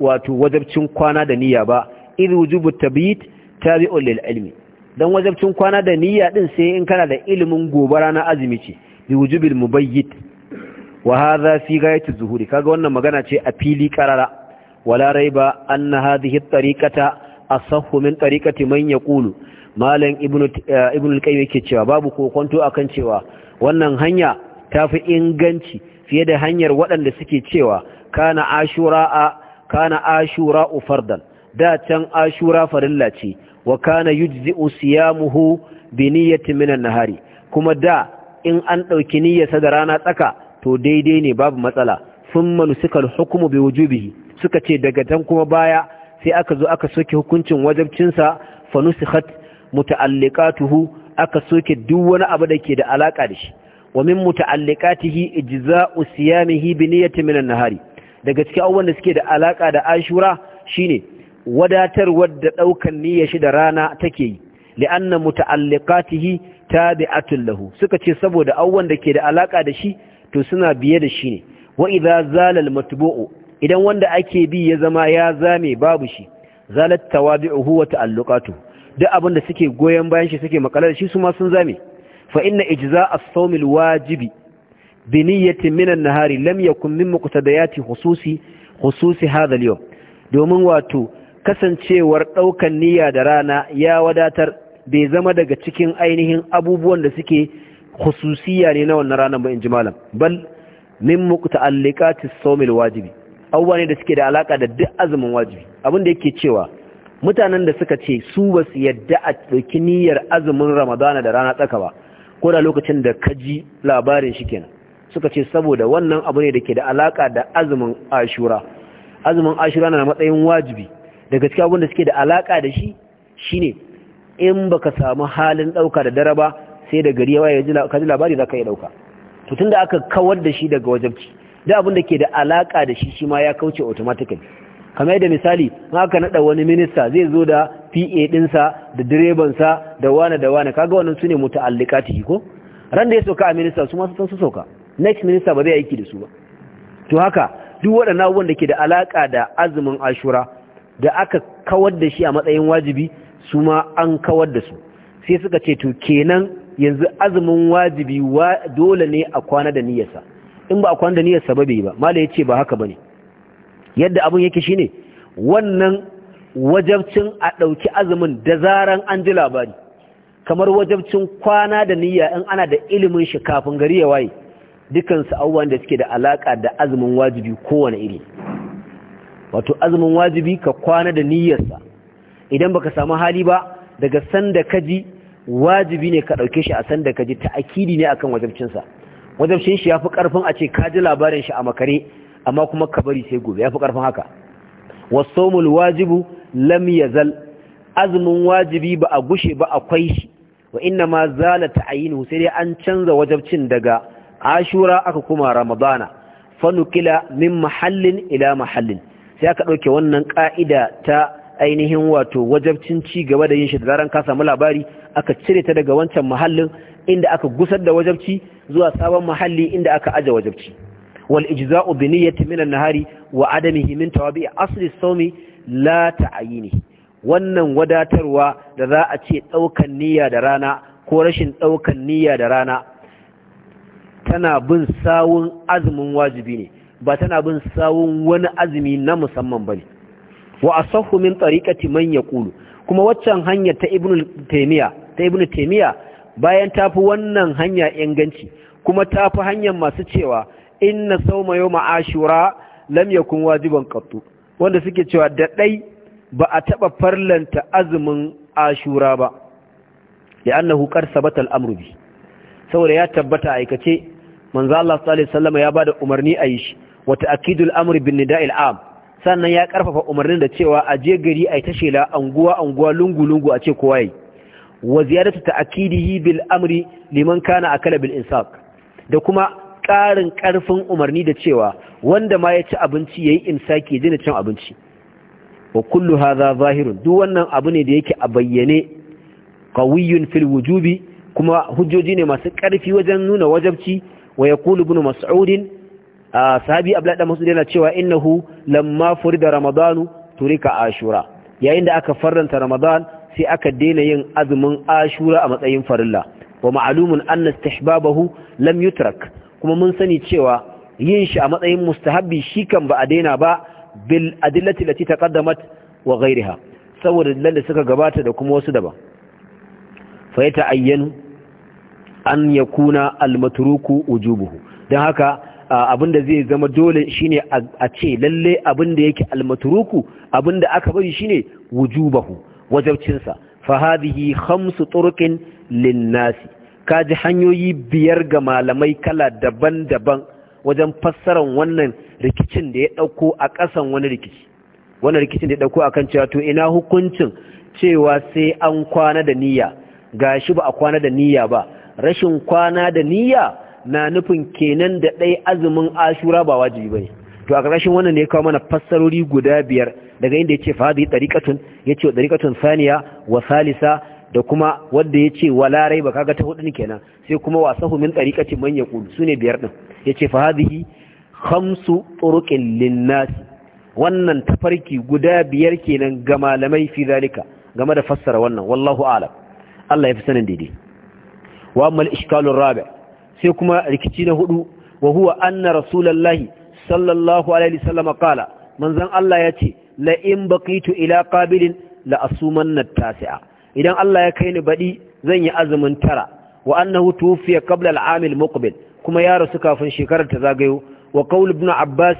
wato wajabcin kwana da niyya ba in wujubu tabyit tabi'un lil ilmi dan wajabcin kwana da niyya din sai in kana da ilimin gobara na azumi ce bi wujubil mubayyit wa hadha fi ghayati zuhuri kaga wannan magana ce a fili qarara wala raiba anna hadhihi at-tariqata asahhu min tariqati man yaqulu malam ibnu eh, ibnu al-qayyim yake cewa babu kokonto akan cewa wannan hanya tafi inganci fiye da hanyar waɗanda suke cewa kana ashura a kana ashura fardan da can ashura farilla ce wa kana yujzi'u siyamuhu bi niyyati min an-nahari kuma da in an dauki niyyarsa da rana tsaka to daidai ne babu matsala sun manu suka hukumu bai wujubihi suka ce daga tan kuma baya sai aka zo aka soke hukuncin wajabcinsa fanusikhat muta'allikatuhu aka soke duk wani abu da ke da alaka da shi wa min muta'alliqatihi ijza'u siyamihi bi niyyati min an-nahari daga cikin abubuwan da suke da alaka da Ashura shine wadatarwar da daukan niyyar shi da rana take yi li'anna muta'allikatihi tabi'atun lahu suka ce saboda abubuwan da ke da alaka da shi to suna biye da shi ne wa idza zalal matbu'u idan wanda ake bi ya zama ya zame babu shi zalat tawabi'uhu wa ta'alluqatu duk abin da suke goyen bayan shi suke makalar shi su ma sun zame fa inna ijza as-sawm al-wajibi bi niyyatin min an-nahari lam yakun min muqtadayati khususi khususi hadha al-yawm domin wato kasancewar daukan niyya da rana ya wadatar bai zama daga cikin ainihin abubuwan da suke khususiya ne na wannan ranar ba in ji malam bal min muqta'alliqatis sawmil wajibi abubuwa ne da suke da alaka da duk azumin wajibi abin da yake cewa mutanen da suka ce su ba su yadda a ɗauki niyyar azumin ramadana da rana tsaka ba ko da lokacin da ka ji labarin shi kenan suka ce saboda wannan abu ne da ke da alaka da azumin ashura azumin ashura na matsayin wajibi daga cikin abin da suke da alaka da shi shine in baka samu halin ɗauka da dare ba sai da gari yawa ka ji labari za ka yi ɗauka to tun da aka kawar da shi daga wajabci da abin da ke da alaƙa da shi shi ma ya kauce automatically kamar yadda misali ma aka naɗa wani minista zai zo da pa ɗinsa da direbansa da wane da wane kaga wannan su ne ko ran da ya sauka a minista su ma su san su sauka next minista ba zai aiki da su ba to haka duk waɗannan abubuwan da ke da alaƙa da azumin ashura da aka kawar da shi a matsayin wajibi su ma an kawar da su sai suka ce to kenan yanzu azumin wajibi wa dole ne a kwana da niyyarsa in ba a kwana da niyyarsa ba bai ba ya yace ba haka bane yadda abun yake shine wannan wajabcin a ɗauki azumin da zaran an ji labari kamar wajabcin kwana da niyya in ana da ilimin shi kafin gari ya waye dukan su abubuwan da suke da alaka da azumin wajibi kowane iri wato azumin wajibi ka kwana da niyyarsa idan baka samu hali ba daga sanda ka ji. wajibi ne ka ɗauke shi a sanda ka ji ta akidi ne akan wajabcinsa wajabcin shi ya fi ƙarfin a ce ka ji labarin shi a makare amma kuma ka bari sai gobe ya fi ƙarfin haka wasomul wajibu lam yazal azumin wajibi ba a gushe ba akwai shi wa inna ma zala ta'ayinu sai dai an canza wajabcin daga ashura aka kuma ramadana fanukila min mahallin ila mahallin sai aka ɗauke wannan ƙa'ida ta ainihin wato wajabcin ci gaba da yin shi da zaran ka samu labari aka cire ta daga wancan muhallin, inda aka gusar da wajabci zuwa sabon muhalli inda aka aje wajabci wal ijza'u bi niyyati min an-nahari wa adamihi min tawabi'i asli sawmi la ta'ayini wannan wadatarwa da za a ce daukan niyya da rana ko rashin daukan niyya da rana tana bin sawun azumin wajibi ne ba tana bin sawun wani azumi na musamman ba ne. wa asahhu min tariqati man yaqulu kuma waccan hanya ta ibnu taymiya ta ibnu taymiya bayan tafi wannan hanya inganci kuma tafi hanyar masu cewa inna sawma yawma ashura lam yakun wajiban qattu wanda suke cewa da dai ba a taba farlanta azumin ashura ba li'annahu qad sabata al-amru bi saboda ya tabbata aikace manzo Allah sallallahu alaihi wasallam ya bada umarni a yi shi wa ta'kidul amri bin nida'il am sannan ya karfafa umarnin da cewa a je gari a ta shela anguwa anguwa lungu lungu a ce kowa yi wa ta ta'kidihi bil amri liman kana kala bil insaq da kuma ƙarin ƙarfin umarni da cewa wanda ma ya ci abinci ya yi insaki ya dina cin abinci wa kullu haza zahirun duk wannan abu ne da yake a bayyane kawiyun fil wujubi kuma hujjoji ne masu ƙarfi wajen nuna wajabci wa ya kulu bin mas'udin? sahabi abdullahi dan mas'ud yana cewa innahu lamma furida ramadanu turika ashura yayin da aka farranta ramadan sai aka daina yin azumin ashura a matsayin farilla wa ma'lumun anna istihbabahu lam yutrak kuma mun sani cewa yin shi a matsayin mustahabbi shi kan ba a daina ba bil adillati lati taqaddamat wa ghayriha saboda dalilan suka gabata da kuma wasu daban fa yata'ayyanu an yakuna al-matruku wujubuhu dan haka abin da zai zama dole shine a ce lalle abin da yake almaturuku abin da aka bari shine wujubahu Wajabcinsa sa fa hadhihi khamsu turqin linnasi ji kaji hanyoyi biyar ga malamai kala daban-daban wajen fassarar wannan rikicin da ya ɗauko a ƙasan wani rikici wannan rikicin da ya dauko akan cewa to ina hukuncin cewa sai an kwana da niyya Ga shi ba a kwana da niyya ba rashin kwana da niyya na nufin kenan da ɗai azumin ashura ba wajibi ba bane to a ƙarshen wannan ne ya kawo mana fassarori guda biyar daga inda ya ce fa hadhihi tariqatun ya ce tariqatun thaniya wa salisa da kuma wanda ya ce wala rai ba kaga ta hudun kenan sai kuma wasahu min tariqatin man su sune biyar din ya ce fa yi khamsu turuqin linnas wannan tafarki guda biyar kenan ga malamai fi zalika game da fassara wannan wallahu a'lam Allah ya fi sanin daidai wa amma al sai kuma rikici na hudu wa huwa anna rasulullahi sallallahu alaihi wasallam qala manzon Allah yace la in baqitu ila qabilin la asumanna tasi'a idan Allah ya kai ni badi zan yi azumin tara wa annahu tufiya qabla al muqbil kuma ya rasu kafin shekarar ta zagayo wa qaul ibn abbas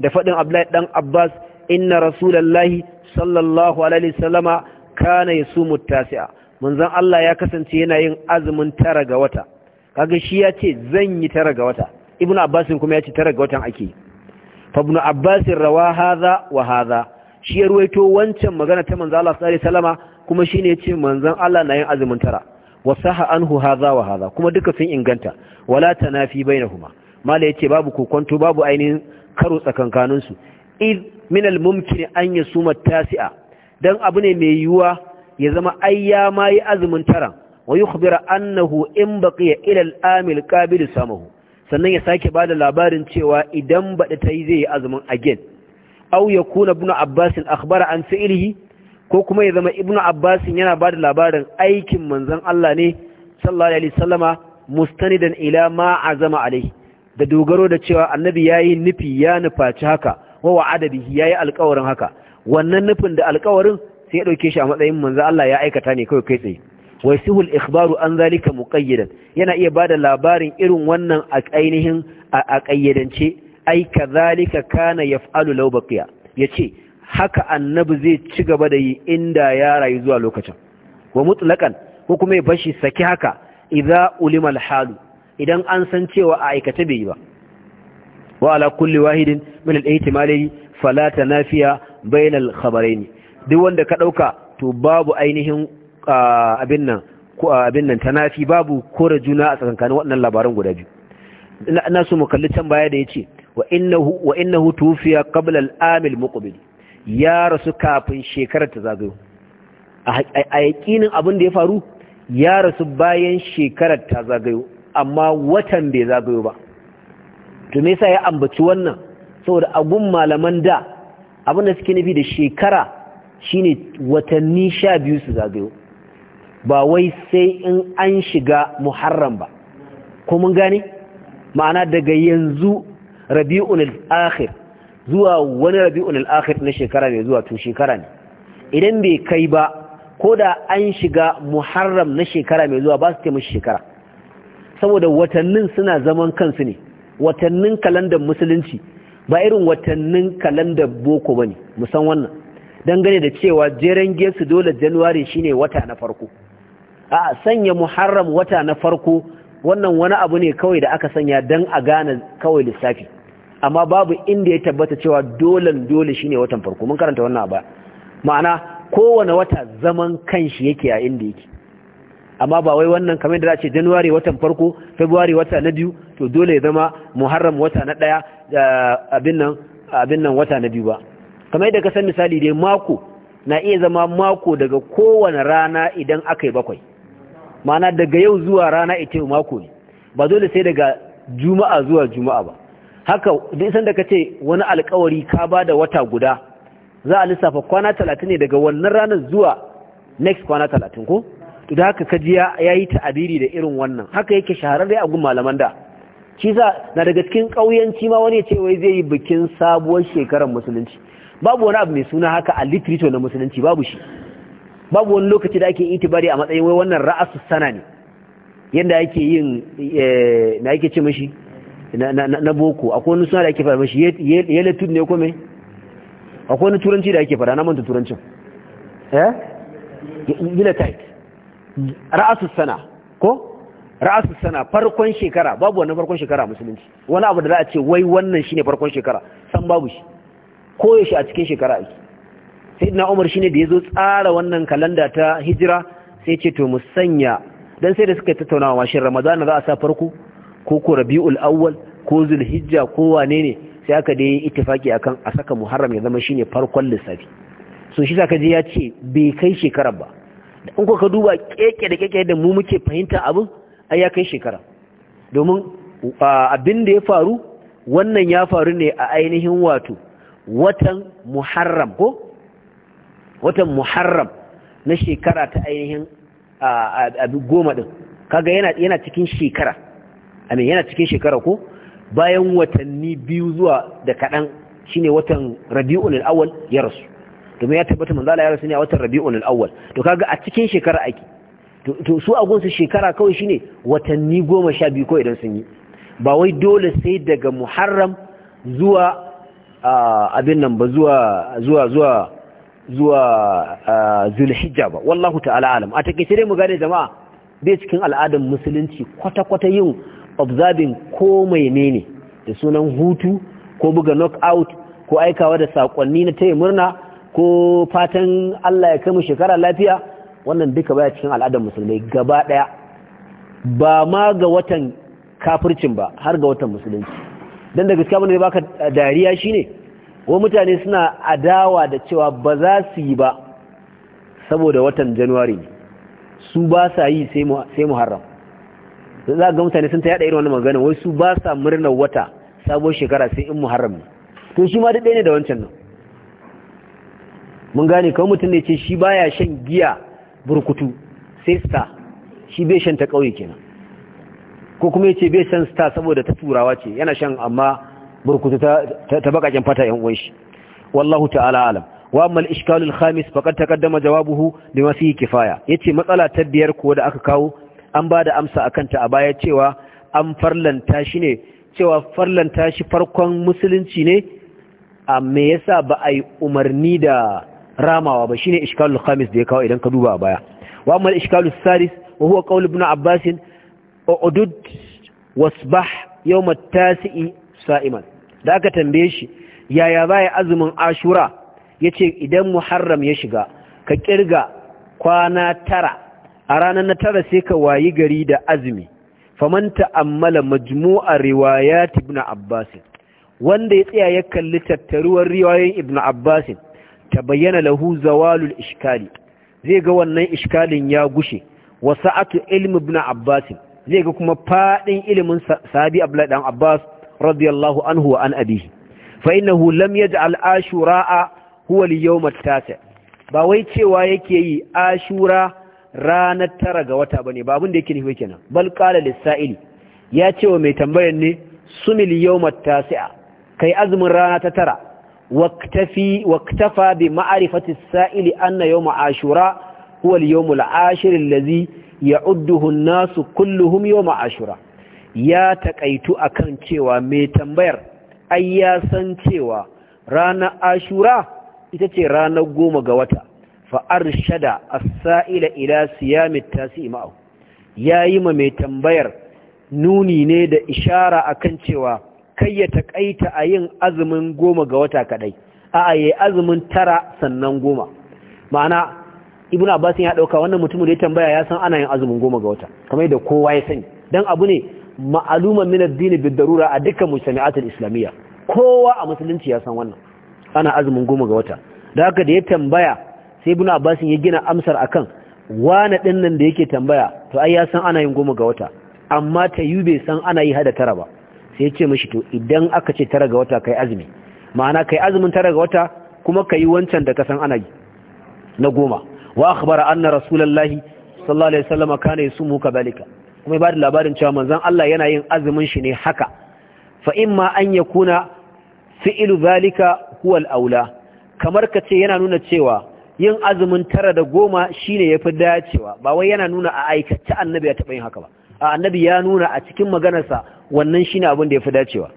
da fadin abdullahi dan abbas inna rasulullahi sallallahu alaihi wasallama kana yasumu tasi'a manzon Allah ya kasance yana yin azumin tara ga wata kaga shi ya ce zan yi tara ga wata ibn abbasin kuma ya ce tara ga watan ake fa ibn abbasin rawa haza wa haza shi ya ruwaito wancan magana ta manzo Allah sallallahu alaihi wasallama kuma shine ya ce Allah na yin azumin tara wa saha anhu haza wa haza kuma duka sun inganta wala tanafi bainahuma mala ce babu kokonto babu ainihin karo tsakankanin su id min al mumkin an yasuma tasi'a dan abu ne mai yiwuwa ya zama ai yi azumin taran wa yukhbira annahu in baqiya ila amil qabil samahu sannan ya sake bada labarin cewa idan bada tayi zai azumin again aw yakuna ibnu abbas akhbara an fi'lihi ko kuma ya zama ibnu abbas yana bada labarin aikin manzon Allah ne sallallahu alaihi wasallama mustanidan ila ma azama alaihi da dogaro da cewa annabi yayi nufi ya nufaci haka wa wa'ada bihi yayi alƙawarin haka wannan nufin da alƙawarin sai ya ɗauke shi a matsayin manzon Allah ya aikata ne kawai kai tsaye wai suhul ikhbaru an zalika muqayyidan yana iya bada labarin irin wannan a ainihin a kayyadance ai kadhalika kana yaf'alu law baqiya yace haka annabi zai ci gaba da yi inda ya rayu zuwa lokacin wa mutlaqan ko kuma ya bashi saki haka idza ulima halu idan an san cewa a aikata bai yi ba wa ala kulli wahidin min al-ihtimali fala tanafiya bainal khabaraini duk wanda ka dauka to babu ainihin abin nan ko abin nan tanafi babu kore juna a tsakankanin waɗannan labaran guda biyu ina so mu kalli can baya da yace wa innahu wa innahu tufiya qabla al-amil muqbil ya rasu kafin shekarar ta zagayo a yakinin abin da ya faru ya rasu bayan shekarar ta zagayo amma watan bai zagayo ba to me yasa ya ambaci wannan saboda agun malaman da abin da suke nufi da shekara shine watanni sha biyu su zagayo ba wai sai in an shiga muharram ba ko mun gane ma'ana daga yanzu rabi'un al-akhir zuwa wani rabi'un al-akhir na shekara ne zuwa tun shekara ne idan bai kai ba ko da an shiga muharram na shekara mai zuwa ba su taimaki shekara saboda watannin suna zaman kansu ne watannin kalandar musulunci ba irin watannin kalandar boko ba bane musan wannan dangane da cewa jeren gesu dole januwari shine wata na farko a sanya muharram wata na farko wannan wani abu ne kawai da aka sanya dan a gane kawai lissafi amma babu inda ya tabbata cewa dole dole shine watan farko mun karanta wannan ba ma'ana kowane wata zaman kanshi yake a inda yake amma ba wai wannan kamar da ce january watan farko february wata na biyu to dole ya zama muharram wata na daya abin nan abin nan wata na biyu ba kamar yadda ka san misali dai mako na iya zama mako daga kowane rana idan aka yi bakwai ma'ana daga yau zuwa rana ita mako ne ba dole sai daga juma'a zuwa juma'a ba haka duk san da kace wani alƙawari ka ba da wata guda za a lissafa kwana talatin ne daga wannan ranar zuwa next kwana talatin ko to da haka kaji ya yayi ta'abiri da irin wannan haka yake shahararre a gun malaman da shi sa na daga cikin ƙauyanci ma wani ya ce wai zai yi bikin sabuwar shekarar musulunci babu wani abu mai suna haka a literature na musulunci babu shi babu wani lokaci da ake itibari a matsayin wai wannan ra'asu sana ne yadda ake yin na eh, ake ce mashi na boko akwai wani suna da ake fara mashi yeletud ne kome akwai wani turanci da ake fara na manta turancin eh yiletite ra'asu sana ko ra'asu sana farkon shekara babu wannan farkon shekara musulunci wani abu da za a ce wai wannan shine farkon shekara san babu shi koyaushe a cikin shekara ake sayyidina Umar shine da yazo tsara wannan kalanda ta hijira sai ce to musanya dan sai da suka tattauna wa shin Ramadan za a sa farko ko ko Rabiul Awwal ko Zulhijja ko wane ne sai aka dai ittifaki akan a saka Muharram ya zama shine farkon lissafi so shi zaka ji ya ce bai kai shekarar ba in ko ka duba keke da keke da mu muke fahimta abin ai ya kai shekara domin abin da ya faru wannan ya faru ne a ainihin wato watan Muharram ko watan muharram na shekara ta ainihin a goma ɗin kaga yana cikin shekara amin yana cikin shekara ko bayan watanni biyu zuwa da kaɗan shine watan rabi'un al'awal ya rasu domin ya tabbata manzo Allah ya rasu ne a watan rabi'un al'awal to kaga a cikin shekara ake to su a gunsu shekara kawai shine watanni goma sha biyu ko idan sun yi ba wai dole sai daga muharram zuwa abin nan ba zuwa zuwa zuwa zuwa zulhijja ba wallahu ta'ala alam a take dai mu gane jama'a bai cikin al'adar musulunci kwata-kwata yin observing ko mai ne da sunan hutu ko buga knockout ko aikawa da sakonni na taya murna ko fatan Allah ya kai mu shekara lafiya wannan duka baya cikin al'adar musulmai gaba daya ba ma ga watan kafircin ba har ga watan musulunci dan da gaskiya bane baka dariya shine wa mutane suna adawa da cewa ba za su yi ba saboda watan januwari su ba sa yi sai muharram za ga mutane sun ta yada irin wani magana wai su ba sa murnar wata sabuwar shekara sai in muharram ne to shi ma ɗaya ne da wancan nan mun gane kawai mutum ne ce shi baya shan giya burkutu sai sta shi bai shan ta ƙauye kenan ko kuma ya ce bai shan sta saboda ta turawa ce yana shan amma burkutu ta bakakin fata yan uwan shi wallahu ta'ala alam wa amma al-ishkal al-khamis faqad taqaddama jawabuhu lima fihi kifaya yace matsala ta biyar ko da aka kawo an ba da amsa akan ta a baya cewa an farlanta shi ne cewa farlanta shi farkon musulunci ne a me yasa ba a yi umarni da ramawa ba shine ishkalul khamis da ya kawo idan ka duba a baya wa amma ishkalus salis wa huwa qawl ibn abbas udud wasbah yawm at-tasi'i sa'iman da aka tambaye shi yaya baya azumin ashura ya ce idan muharram ya shiga ka kirga kwana tara a ranar na tara sai ka wayi gari da azumi famanta ta'ammala majmu'a riwayat ibn abbas wanda ya tsaya ya kalli tattaruwar riwayoyin ibn abbas ta bayyana lahu zawalul iskali zai ga wannan Ishkalin ya gushe wasa'atu ilmi ibn abbas zai ga kuma fadin ilimin sahabi abdullah dan abbas raziyallahu anhu wa an abihi fa innahu lam yaj'al ashura'a huwa al-yawm ba wai cewa yake yi ashura ranar tara ga wata bane ba abin da yake nufi kenan bal qala lis ya ce wa mai tambayar ne sumil yawm kai azumin rana ta tara waktafi waktafa bi ma'rifati as-sa'ili anna yawm ashura huwa al-yawm al-ashir alladhi ya'udduhu an-nasu kulluhum yawm ashura ya taƙaitu akan cewa mai tambayar ai ya san cewa ranar ashura ita ce ranar goma ga wata Fa'ar Shada a saila ila siyamit tasi ma'au ya yi ma mai tambayar nuni ne da ishara a kan cewa kai ya taƙaita a yin azumin goma ga wata kaɗai a a azumin tara sannan goma ma'ana ibn abbas ya ɗauka wannan mutumin da ya tambaya ya san ana yin azumin goma ga wata kamar da kowa ya sani don abu ne ma'aluman min addini bid darura a dukkan mujtami'atul islamiyya kowa a musulunci ya san wannan ana azumin goma ga wata da haka da ya tambaya sai ibn abbas ya gina amsar akan wani din nan da yake tambaya to ai ya san ana yin goma ga wata amma ta bai san ana yi hada tara ba sai ya ce mishi to idan aka ce tara ga wata kai azumi ma'ana kai azumin tara ga wata kuma kai wancan da ka san ana yi na goma wa akhbara anna rasulullahi sallallahu alaihi wasallam kana yasumu kadhalika kuma ya da labarin cewa manzan Allah yana yin azumin shi ne haka fa imma an yakuna fi'lu zalika huwa aula kamar kace yana nuna cewa yin azumin tara da goma shine yafi dacewa ba wai yana nuna a aikace annabi ya taba yin haka ba a annabi ya nuna a cikin maganarsa wannan shine abin da ya fi dacewa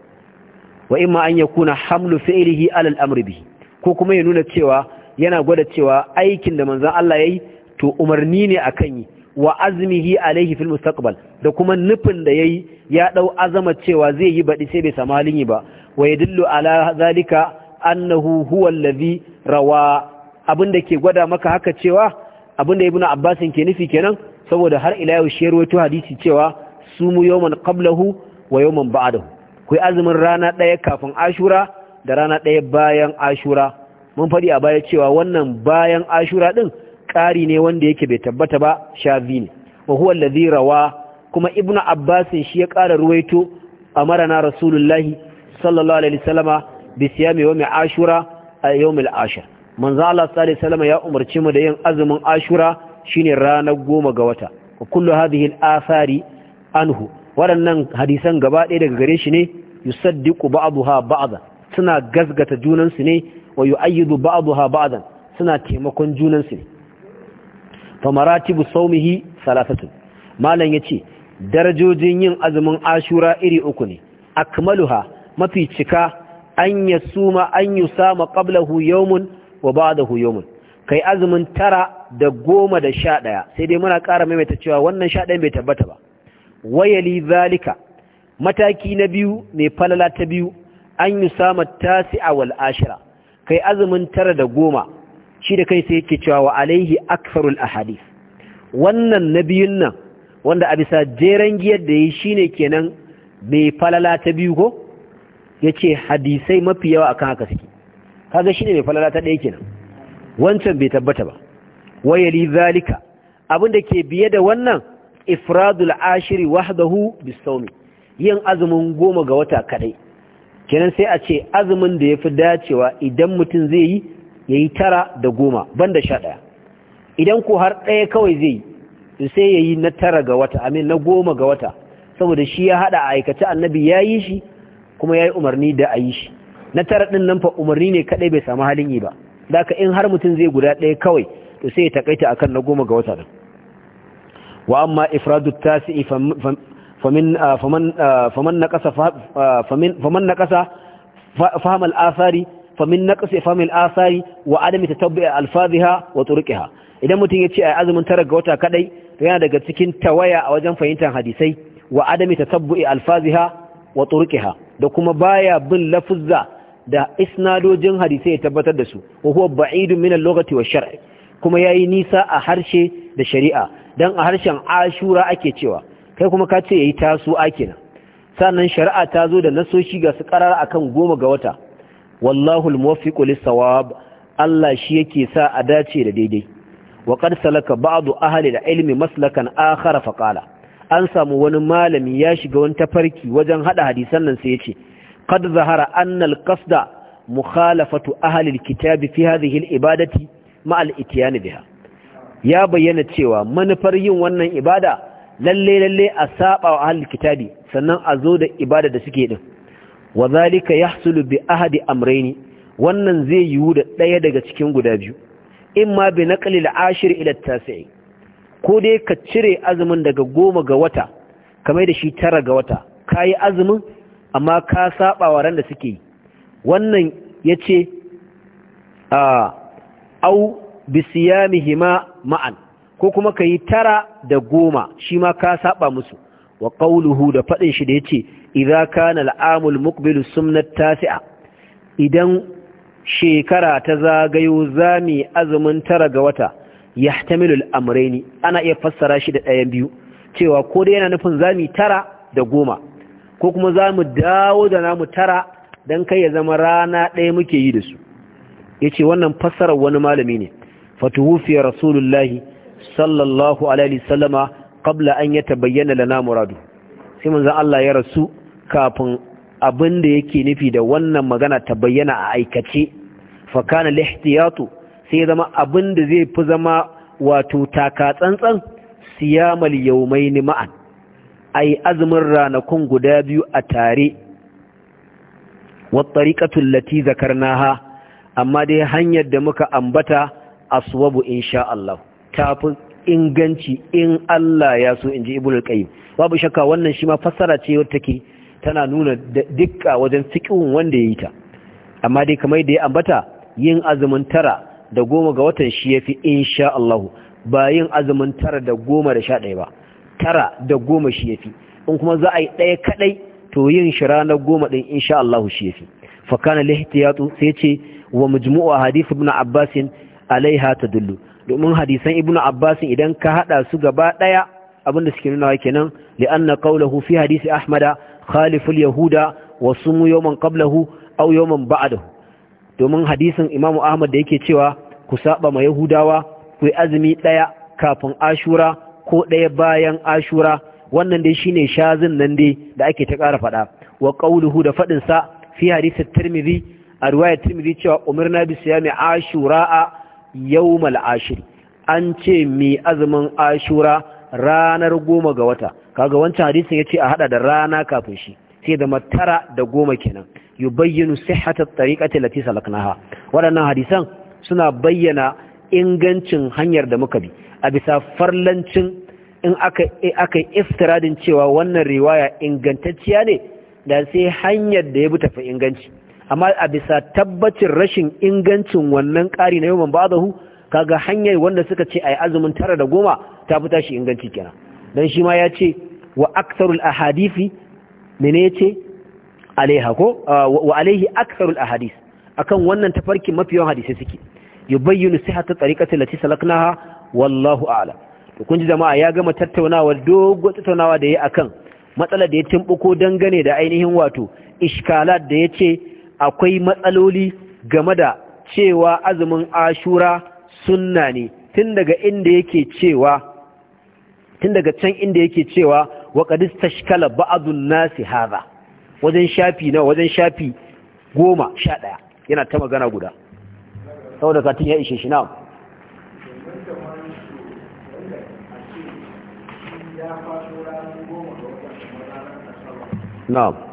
wa imma an yakuna hamlu fi'lihi ala al-amri bihi ko kuma ya nuna cewa yana gwada cewa aikin da manzon Allah yayi to umarni ne akan yi wa azmihi alaihi fil mustaqbal da kuma nufin da yayi ya dau azama cewa zai yi badi sai bai samu halin yi ba wa yadullu ala zalika annahu huwa allazi rawa abinda ke gwada maka haka cewa abinda ibnu abbasin ke nufi kenan saboda har ila yau shi hadisi cewa sumu yawman qablahu wa yawman ba'dahu kai azumin rana daya kafin ashura da rana daya bayan ashura mun fadi a baya cewa wannan bayan ashura din ƙari ne wanda yake bai tabbata ba shazi ne wa huwa allazi rawa kuma ibnu abbas shi ya ƙara ruwaito amarana rasulullahi sallallahu alaihi wasallama bi siyami wa ashura a yawmil ashir manzo Allah sallallahu alaihi wasallama ya umarci mu da yin azumin ashura shine ranar goma ga wata wa kullu hadhihi al-athari anhu waɗannan hadisan gaba ɗaya daga gare shi ne yusaddiqu ba'daha ba'dan suna gasgata junansu ne wa yu'ayyidu ba'daha ba'dan suna taimakon junansu ne fa maratibu sawmihi salasatun malam ya ce, darajojin yin azumin ashura iri uku ne akmaluha mafi cika an yasuma an yusama qablahu yawmun wa ba'dahu yawmun kai azumin tara da goma da sha ɗaya sai dai muna ƙara maimaita cewa wannan sha ɗaya bai tabbata ba wayali zalika mataki na biyu mai falala ta biyu an yi sama tasi wal ashira kai azumin tara da goma shi da kai sai yake cewa wa alaihi aksarul ahadith wannan nabiyun nan wanda a bisa jeren giyar da yi ne kenan mai falala ta biyu ko ce hadisai mafi yawa a kan haka suke kaga shine mai falala ta ɗaya kenan wancan bai tabbata ba wayali zalika abin da ke biye da wannan ifradul ashiri wahdahu bisawmi yin azumin goma ga wata kadai kenan sai a ce azumin da yafi dacewa idan mutum zai yi ya yi tara da goma ban da sha ɗaya idan ku har ɗaya kawai zai yi sai ya yi na tara ga wata amin na goma ga wata saboda shi ya haɗa a aikace annabi ya yi shi kuma ya yi umarni da a yi shi na tara ɗin nan fa umarni ne kaɗai bai samu halin yi ba ka in har mutum zai guda ɗaya kawai to sai ya taƙaita akan na goma ga wata ɗin wa amma ifradu tasi'i famin ah, faman ah, faman naqasa faman ah, naqasa fahamal asari famin naqsi famil asari wa adami tatabbi alfaziha idan mutum ya ce ai azumin tara ga wata kadai to yana daga cikin tawaya a wajen fahimtar hadisai wa adami tatabbi alfaziha wa turqiha da kuma baya bin lafuzza da isnadojin hadisai ya tabbatar da su wa huwa ba'idun min al-lughati wa shar' kuma yayi nisa a harshe da shari'a dan a harshen ashura ake cewa kai kuma ka ce yayi tasu akina sannan shari'a ta zo da nasoshi ga su karara akan goma ga wata wallahu almuwaffiqu lis-sawab Allah shi yake sa a dace da daidai wa qad salaka ba'du ahli al-ilmi maslakan akhar fa qala an samu wani malami ya shiga wani tafarki wajen hada hadisan nan sai yace qad zahara anna al-qasda mukhalafatu ahli al-kitab fi hadhihi al-ibadati ma al-ityan biha ya bayyana cewa manufar yin wannan ibada lalle lalle a saba wa ahli kitabi sannan a zo da ibada da suke din wa zalika yahsulu bi ahadi amrayni wannan zai yiwu da ɗaya daga cikin guda biyu imma bi naqli al-ashir ila at tasii ko dai ka cire azumin daga goma ga wata kamar da shi tara ga wata kayi azumin amma ka saba wa ran da suke yi wannan yace a au bi siyamihima ma'an ko kuma kayi tara da goma shi ma ka saba musu wa qawluhu da faɗin shi da yace iza kana al'amul mukbilu sunnat tasi'a idan shekara ta zagayo zami azumin tara ga wata yahtamilu al'amraini ana iya fassara shi da ɗayan biyu cewa ko dai yana nufin zami tara da goma ko kuma zamu dawo da namu tara dan kai ya zama rana ɗaya muke yi da su yace wannan fassarar wani malami ne fatuhufiyar fi rasulullahi sallallahu alaihi sallama. qabla an yatabayyana lana muradu sai manzon Allah ya rasu kafin abin da yake nufi da wannan magana ta bayyana a aikace fa kana lihtiyatu sai zama abin da zai fi zama wato taka tsantsan siyamal yawmaini ma'an ai azumin ranakun guda biyu a tare wa tariqatu allati zakarnaha amma dai hanyar da muka ambata aswabu insha Allah tafi inganci in Allah ya so in ji al-qayyim babu shakka wannan shi ma fassara ce wacce take tana nuna dukka wajen fiqhun wanda ya yi ta amma dai kamar da ya ambata yin azumin tara da goma ga watan shi yafi insha Allah ba yin azumin tara da goma da sha ɗaya ba tara da goma shi yafi in kuma za a yi ɗaya kaɗai to yin shira na goma ɗin insha Allah shi yafi fakana kana lihtiyatu sai ce wa majmu'u hadith ibn Abbas alaiha tadullu domin hadisan ibnu abbas idan ka hada su gaba daya abinda suke nuna kenan li'anna qawluhu fi hadisi ahmada khaliful yahuda wa sumu yawman qablahu aw yawman ba'dahu domin hadisin imamu ahmad da yake cewa ku saba ma yahudawa ku azumi daya kafin ashura ko daya bayan ashura wannan dai shine shazin nan dai da ake ta ƙara faɗa wa qawluhu da faɗin sa fi hadisi tirmidhi a tirmidhi cewa umirna bi siyami ashura'a yawmal ashiri an ce mai azumin ashura ranar goma ga wata kaga wancan hadisin yace a hada da rana kafin shi sai da matara da goma kenan yubayyinu sihhatat tariqati latisa laknaha Waɗannan hadisan suna bayyana ingancin hanyar da muka bi a bisa farlancin in aka aka istiradin cewa wannan riwaya ingantacciya ne da sai hanyar da ya bi tafi inganci amma a bisa tabbacin rashin ingancin wannan ƙari na yawan ba'dahu kaga hanyar wanda suka ce a yi azumin tara da goma ta fi tashi inganci kenan Don shi ma ya ce wa aksarul ahadithi mene yace alaiha ko wa alaihi aktsarul akan wannan tafarkin mafi yawan hadisai suke bayyana yubayyinu sihhatu tariqati allati salaknaha wallahu ala. to kun ji jama'a ya gama tattaunawa dogon tattaunawa da yayi akan matsalar da ya timbuko dangane da ainihin wato iskalat da ya ce. akwai matsaloli game da cewa azumin ashura sunna ne tun daga inda yake cewa tun daga can inda yake cewa wa qad tashkala ba'dun nasi hadha wajen shafi na wajen shafi goma sha ɗaya yana ta magana guda saboda katin ya ishe shi na na'am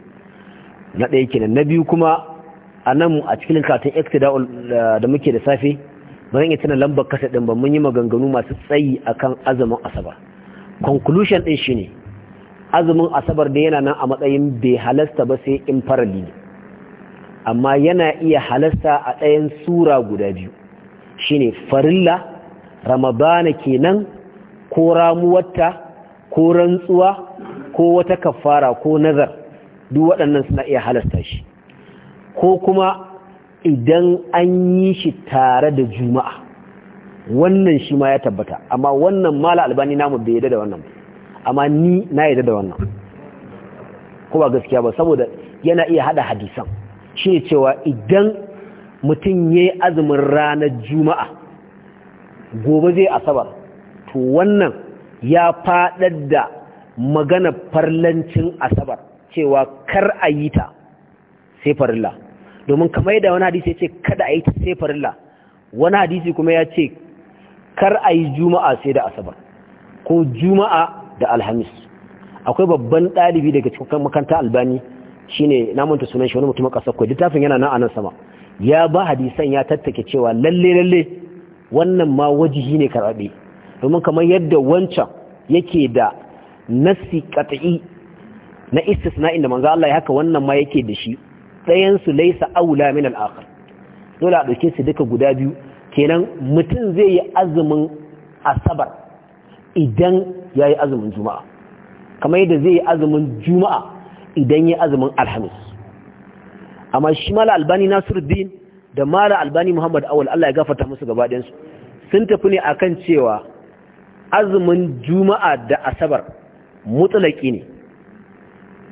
na ɗaya kenan na biyu kuma a nan a cikin katin iktida'ul eh, da muke da safe ban yi tana lambar kasa ɗin ba mun yi maganganu masu tsayi a kan azumin asabar conclusion ɗin shine azumin asabar da yana nan a matsayin bai halasta ba sai in farali amma yana iya halasta a ɗayan sura guda biyu shine farilla ramadana kenan ko ramuwarta ko rantsuwa ko wata kafara ko nazar duk waɗannan suna iya halasta shi ko kuma idan an yi shi tare da juma'a wannan shi ma ya tabbata amma wannan mala albani namu bai yadda da wannan amma ni na yadda da wannan ko ba gaskiya ba saboda yana iya hada hadisan shi ne cewa idan mutum ya yi azumin ranar juma'a gobe zai asabar to wannan ya faɗar da magana farlancin asabar cewa kar a yi ta sai domin kamar yadda wani hadisi ya ce kada a yi ta sai wani hadisi kuma ya ce kar a yi juma'a sai da asabar ko juma'a da alhamis akwai babban ɗalibi daga cikin makaranta albani shine na manta sunan shi wani mutumin ƙasar kuwa littafin yana nan a nan sama ya ba hadisan ya tattake cewa lalle lalle wannan ma wajihi ne karabe domin kamar yadda wancan yake da nasi qat'i na istisna'in da manzo Allah ya haka wannan ma yake da shi tsayan su laysa aula min al akhir dole a dauke su duka guda biyu kenan mutum zai yi azumin asabar idan yayi azumin juma'a kamar yadda zai yi azumin juma'a idan yayi azumin alhamis amma shi mala albani nasiruddin da mala albani muhammad awal Allah ya gafarta musu gaba ɗayan su sun tafi ne akan cewa azumin juma'a da asabar mutsalaki ne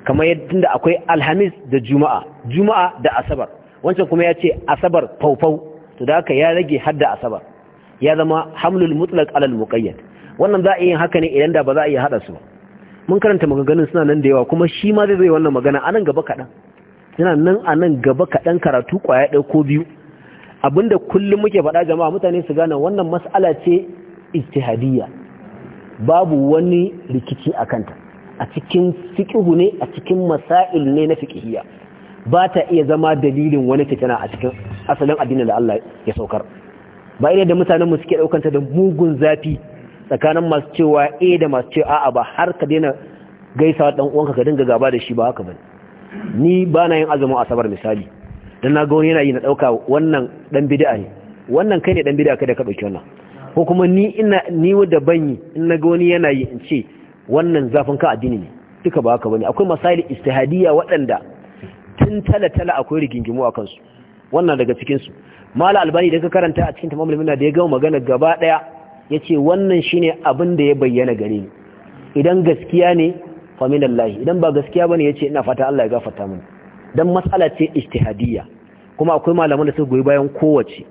kamar yadda akwai alhamis da juma'a juma'a da asabar wancan kuma ya ce asabar faufau to da haka ya rage hadda asabar ya zama hamlul mutlaq alal muqayyad wannan za a yi haka ne idan da ba za a iya hada su ba mun karanta maganganun suna nan da yawa kuma shi ma zai zai wannan magana anan gaba kaɗan suna nan anan gaba kaɗan karatu kwaya ɗaya ko biyu abinda kullum muke faɗa jama'a mutane su gane wannan mas'ala ce ijtihadiyya babu wani rikici a kanta a cikin fiƙihu ne a cikin masail ne na fiƙihiyya ba ta iya zama dalilin wani fitina a cikin asalin addinin da Allah ya saukar ba ina da mutanen mu suke daukanta da mugun zafi tsakanin masu cewa A da masu cewa a'a ba har ka daina gaisawa dan uwanka ka dinga gaba da shi ba haka bane ni ba na yin azumin asabar misali dan na ga wani yana yi na dauka wannan dan bid'a ne wannan kai ne dan bid'a kai da ka dauki wannan ko kuma ni ina ni wanda ban yi in na ga wani yana yi in ce wannan zafin ka addini ne duka ba haka bane akwai masail istihadiyya waɗanda tun tala-tala akwai rigingimu a kansu wannan daga cikin su mala albani da ka karanta a cikin tamamul minna da ya gama magana gaba daya yace wannan shine abin da ya bayyana gare ni idan gaskiya ne fa minallahi idan ba gaskiya bane yace ina fata Allah ya gafarta mini dan mas'ala ce istihadiyya kuma akwai malaman da suka goyi bayan kowace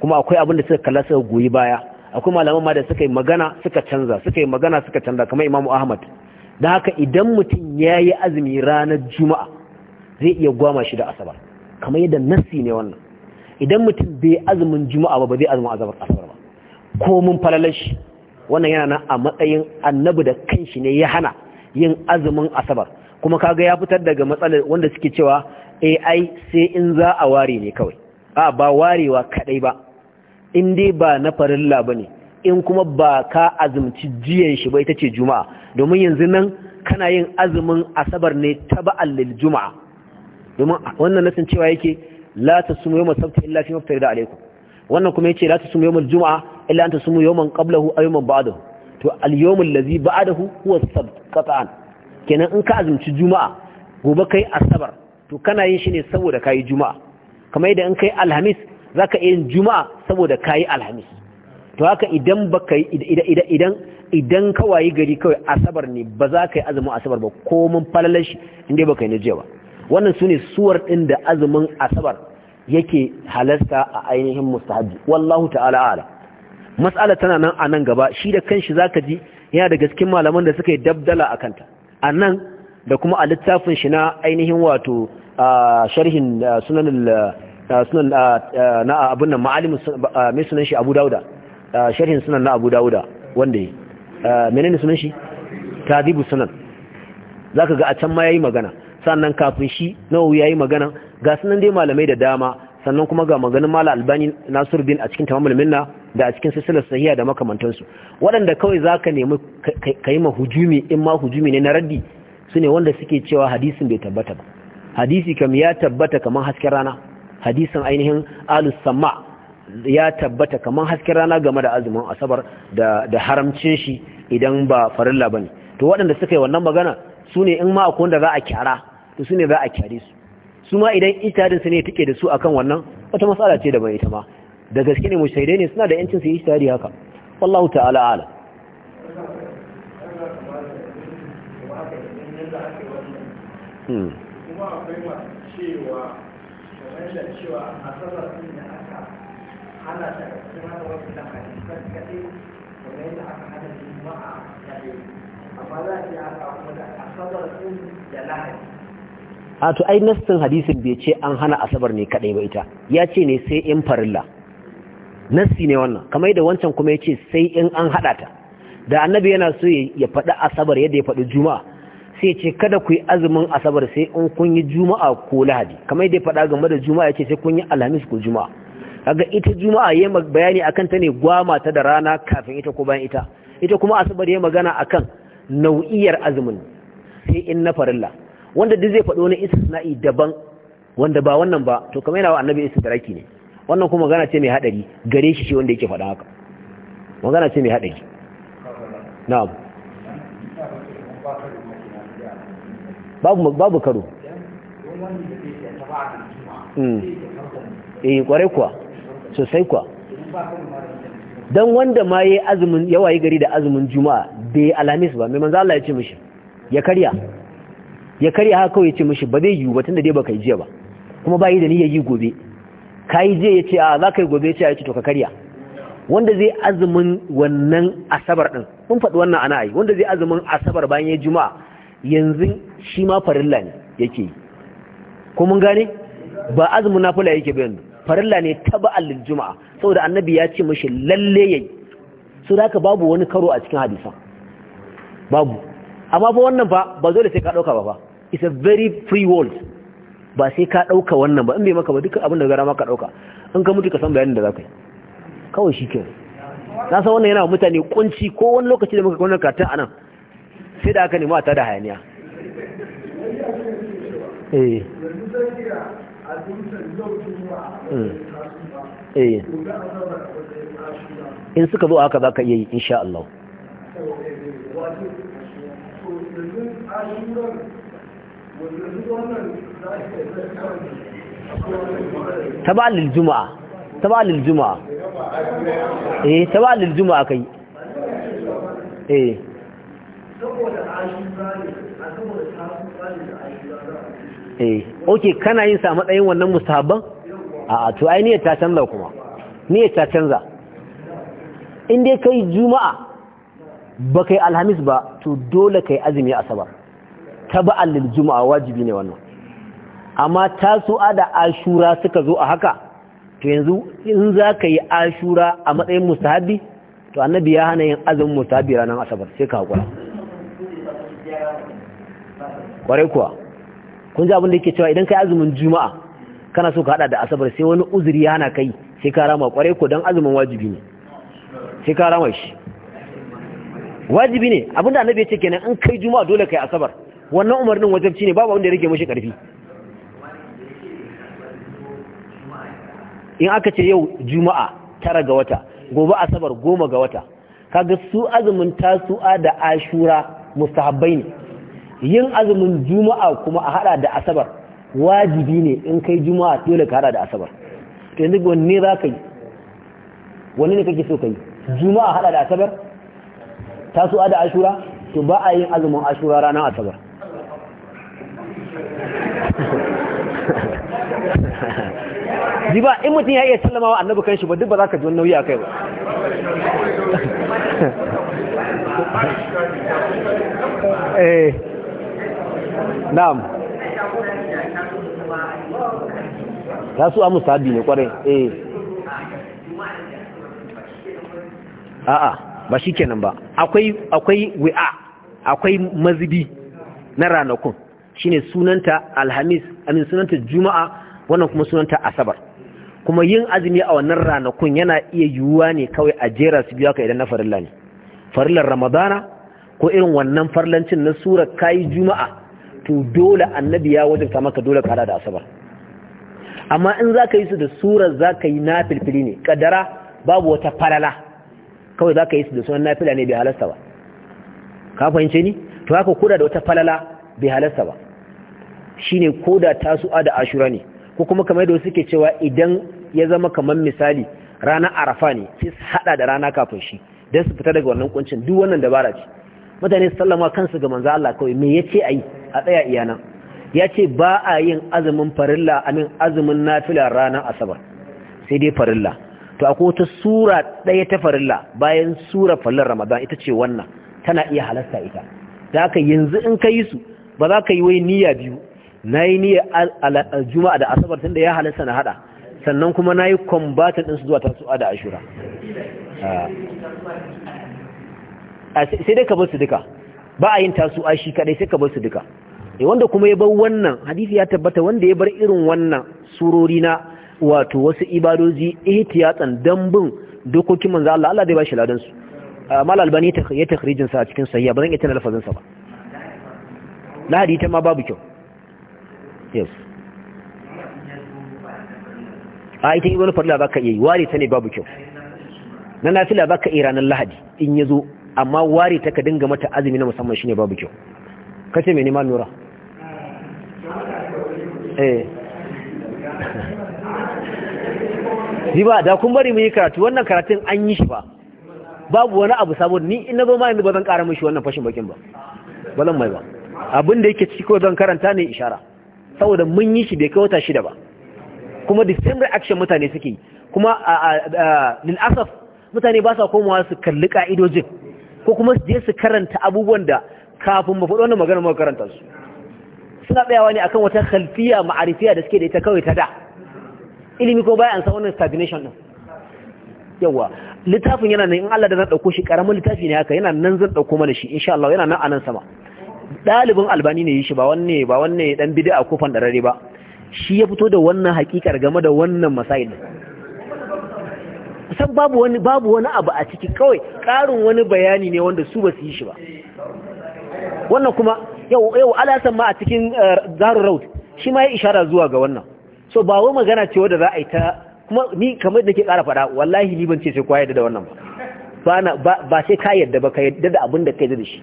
kuma akwai abin da suka kalla suka goyi baya akwai malaman ma da suka yi magana suka canza suka yi magana suka canza kamar imamu ahmad da haka idan mutum ya yi azumi ranar juma'a zai iya gwama shi da asabar kamar yadda nassi ne wannan idan mutum bai azumin juma'a ba ba zai azumin asabar ba ko mun falalashi wannan yana nan a matsayin annabi da kanshi ne ya hana yin azumin asabar kuma kaga ya fitar daga matsalar wanda suke cewa eh, ai sai in za a ware ne kawai a ba warewa kadai ba in dai ba na farilla ba ne in kuma ba ka azumci jiyan shi bai ta ce juma'a domin yanzu nan kana yin azumin asabar ne ta ba'al lil juma'a domin wannan nasin cewa yake la sumu yawma sabti illa fi da alaikum wannan kuma yace la sumu yawmal juma'a illa an sumu yawman qablahu aw yawman ba'dahu to al yawmul ladhi ba'dahu huwa sabt qat'an kenan in ka azumci juma'a gobe kai asabar to kana yin shi ne saboda ka yi juma'a kamar yadda in kai alhamis za ka yin juma'a saboda ka yi alhamis to haka idan baka idan idan kawai gari kawai asabar ne ba za ka yi azumin asabar ba komin falalar shi inda ka yi na jiya ba wannan su ne suwar ɗin da azumin asabar yake halasta a ainihin mustahabi wallahu ta'ala ala matsala tana nan a nan gaba shi da kanshi za ka ji yana da cikin malaman da suka yi dabdala a kanta a nan da kuma a littafin shi na ainihin wato sharhin sunanin sunan na abin nan ma'alimin mai sunan shi abu dauda sharhin sunan na abu dauda wanda yi menene sunan shi zibu sunan za ka ga a can ma ya yi magana sannan kafin shi nawawi ya yi magana ga sunan dai malamai da dama sannan kuma ga maganin mala albani nasur bin a cikin tamamul minna da a cikin silsilar sahiya da makamantansu waɗanda kawai za ka nemi ka yi ma in ma ne na raddi su ne wanda suke cewa hadisin bai tabbata ba hadisi kam ya tabbata kamar hasken rana hadisin ainihin alus sama ya tabbata kamar hasken rana game da azumin asabar da, da haramcin shi idan ba farilla bane to waɗanda suka yi wannan magana su ne in ma akwai wanda za a kyara to su ne za a kyare su su ma idan ijtihadin su ne take da su akan wannan wata matsala ce da bai ita ma da gaske ne mushaidai ne suna da yancin su yi ijtihadi haka wallahu ta'ala ala hmm. kuma akwai cewa da cewa asabar din da aka hana ta cikin hana wasu da hadisan kaɗai kuma yadda aka hana juma'a kaɗai amma za a iya haka kuma da asabar din da lahadi a to ai nassin hadisin bai ce an hana asabar ne kadai ba ita ya ce ne sai in farilla nassi ne wannan kamar da wancan kuma ya ce sai in an hada ta da annabi yana so ya faɗi asabar yadda ya faɗi juma'a sai ce kada ku yi azumin asabar sai in kun yi juma'a ko lahadi kamar dai faɗa game da juma'a yace sai kun yi alhamis ko juma'a kaga ita juma'a yayin bayani akan ta ne gwama ta da rana kafin ita ko bayan ita ita kuma asabar yayin magana akan nau'iyar azumin sai in na farilla wanda duk zai faɗo wani istisna'i daban wanda ba wannan ba to kamar yana wa annabi daraki ne wannan kuma magana ce mai hadari gare shi shi wanda yake faɗa haka magana ce mai hadari na'am babu babu karo hmm. eh kware kuwa sosai kuwa dan wanda ma yayi azumin yawa yi gari da azumin juma'a bai alamis ba mai manzo Allah ya ce mishi ya karya ya karya haka kawai ya ce mishi ba zai yiwu ba tunda dai baka kai jiya ba kuma ba yi da niyyar yi gobe kai je ya ce a za ka yi gobe ce a ce to ka karya wanda zai azumin wannan asabar din mun faɗi wannan ana yi wanda zai azumin asabar bayan ya juma'a yanzu shi ma farilla ne yake yi ko mun gane ba azumin nafila yake bayan farilla ne ba lil juma'a saboda annabi ya ce mishi lalle yayi so da babu wani karo a cikin hadisa? babu amma fa wannan fa ba dole sai ka dauka ba fa it's a very free world ba sai ka dauka wannan ba in bai maka ba duk abin da gara maka dauka in ka mutu ka san bayanin da ka yi kawai shi shikenan na san wannan yana mutane kunci ko wani lokaci da muka kartun a nan. sai da aka nemi a tada hayaniya Eh. Eh. in suka zo aka za ka iya yi insha Allah taba lil juma'a taba lil juma'a eh taba lil juma'a kai eh saboda ashura ne eh okay kana yin sa matsayin wannan mustahabban a to ai niyyar ta canza kuma niyyar ta canza in dai kai juma'a ba kai alhamis ba to dole kai azumi asabar ba lil juma'a wajibi ne wannan amma tasu'a da ashura suka zo a haka to yanzu in za ka yi ashura a matsayin mustahabi to annabi ya hana yin azumin mustahabi ranar asabar sai ka haƙura Kwarai kuwa kun ji abin da yake cewa idan kai azumin juma'a kana so ka hada da asabar sai wani uzuri yana kai sai ka rama kware ko dan azumin wajibi ne sai ka rama shi wajibi ne abinda annabi ya ce kenan in kai juma'a dole kai asabar wannan umarnin wajibi ne babu wanda ya rage mishi karfi in aka ce yau juma'a tara ga wata gobe asabar goma ga wata kaga su azumin tasu'a da ashura mustahabbai ne yin azumin juma'a kuma a hada da asabar wajibi ne in kai juma'a dole ka hada da asabar to yanzu wanne za ka yi wanne ne kake so ka yi juma'a hada da asabar ta su da ashura to ba a yin azumin ashura ranar asabar ji ba in mutum ya iya sallama wa annabi shi ba duk ba za ka ji wani nauyi a kai ba eh na'am ta su amu sabi ne kwarai eh a'a ba shi kenan ba akwai akwai wi'a akwai mazibi na ranakun shine sunanta alhamis amin sunanta juma'a wannan kuma sunanta asabar kuma yin azumi a wannan ranakun yana iya yiwuwa ne kawai a jera su biya ka idan na farilla ne farillar ramadana ko irin wannan farlancin na surar kayi juma'a to dole annabi ya wajabta maka dole ka hada da asabar amma in za ka yi su da surar za ka yi na filfili ne kadara babu wata falala kawai za ka yi su da sunan nafila ne bai halasta ba ka fahimce ni to haka kuda da wata falala bai halasta ba Shi ne koda tasu'a da ashura ne ko kuma kamar yadda suke cewa idan ya zama kamar misali rana arafa ne sai su haɗa da rana kafin shi don su fita daga wannan kuncin duk wannan dabara ce mutane su sallama kansu ga manzo Allah kawai me yace ayi a tsaya iyana ya ce ba a yin azumin farilla amin azumin nafila ranar asabar sai dai farilla to akwai wata sura ɗaya ta farilla bayan sura fallar ramadan ita ce wannan tana iya halasta ita da aka yanzu in ka yi su ba za ka yi wai niyya biyu na yi niyya juma'a da asabar tun da ya halasta na hada sannan kuma na yi kwambatin ɗinsu zuwa tasu'a da ashura ah. sai dai ka bar su duka ba a yin tasu'a shi kaɗai sai ka bar su duka Eh, wanda kuma ya bar wannan hadisi ya tabbata wanda ya bar irin wannan surori na wato wasu ibadoji ihtiyatan dambun dokokin manzo Allah Allah zai ba shi ladan su ah, mal albani ya takhrijin sa a cikin sahiha bazan iya tana lafazin sa ba lahadi ta ma babu kyau yes a ita ibnu fadla baka yi wari ta ne babu kyau na nafila baka yi ranar lahadi in yazo amma wari ta ka dinga mata azumi na musamman shine babu kyau kace me ne ma nura eh ba da kun bari mu yi karatu wannan karatun an yi shi ba babu wani abu saboda ni in zo ma yanzu ba zan ƙara mishi wannan fashin bakin ba ba zan mai ba abin da yake ciki zan karanta ne ishara saboda mun yi shi bai kai wata shida ba kuma the same reaction mutane suke yi kuma lil asaf mutane ba sa komawa su kalli ka'idojin ko kuma su je su karanta abubuwan da kafin mu faɗi wannan magana mu karanta su suna tsayawa ne akan wata khalfiya ma'arifiya da suke da ita kawai ta da ilimi ko baya sa wannan stagnation din yawa littafin yana nan in Allah da zan dauko shi karamin littafi ne haka yana nan zan dauko mana shi insha Allah yana nan a nan sama dalibin albani ne yi shi ba wanne ba wanne dan bid'a ko darare ba shi ya fito da wannan hakikar game da wannan masail san babu wani babu wani abu a ciki kawai karin wani bayani ne wanda su ba su yi shi ba wannan kuma yau yau alasan ma a cikin eh, zaru road shi ma ya ishara zuwa ga wannan so ba wai magana ce wadda za a yi ta kuma ni kamar da ke kara faɗa wallahi ni ban ce sai kwaye da wannan ba ba sai ka yadda ba ka yadda da abin da ka yadda da shi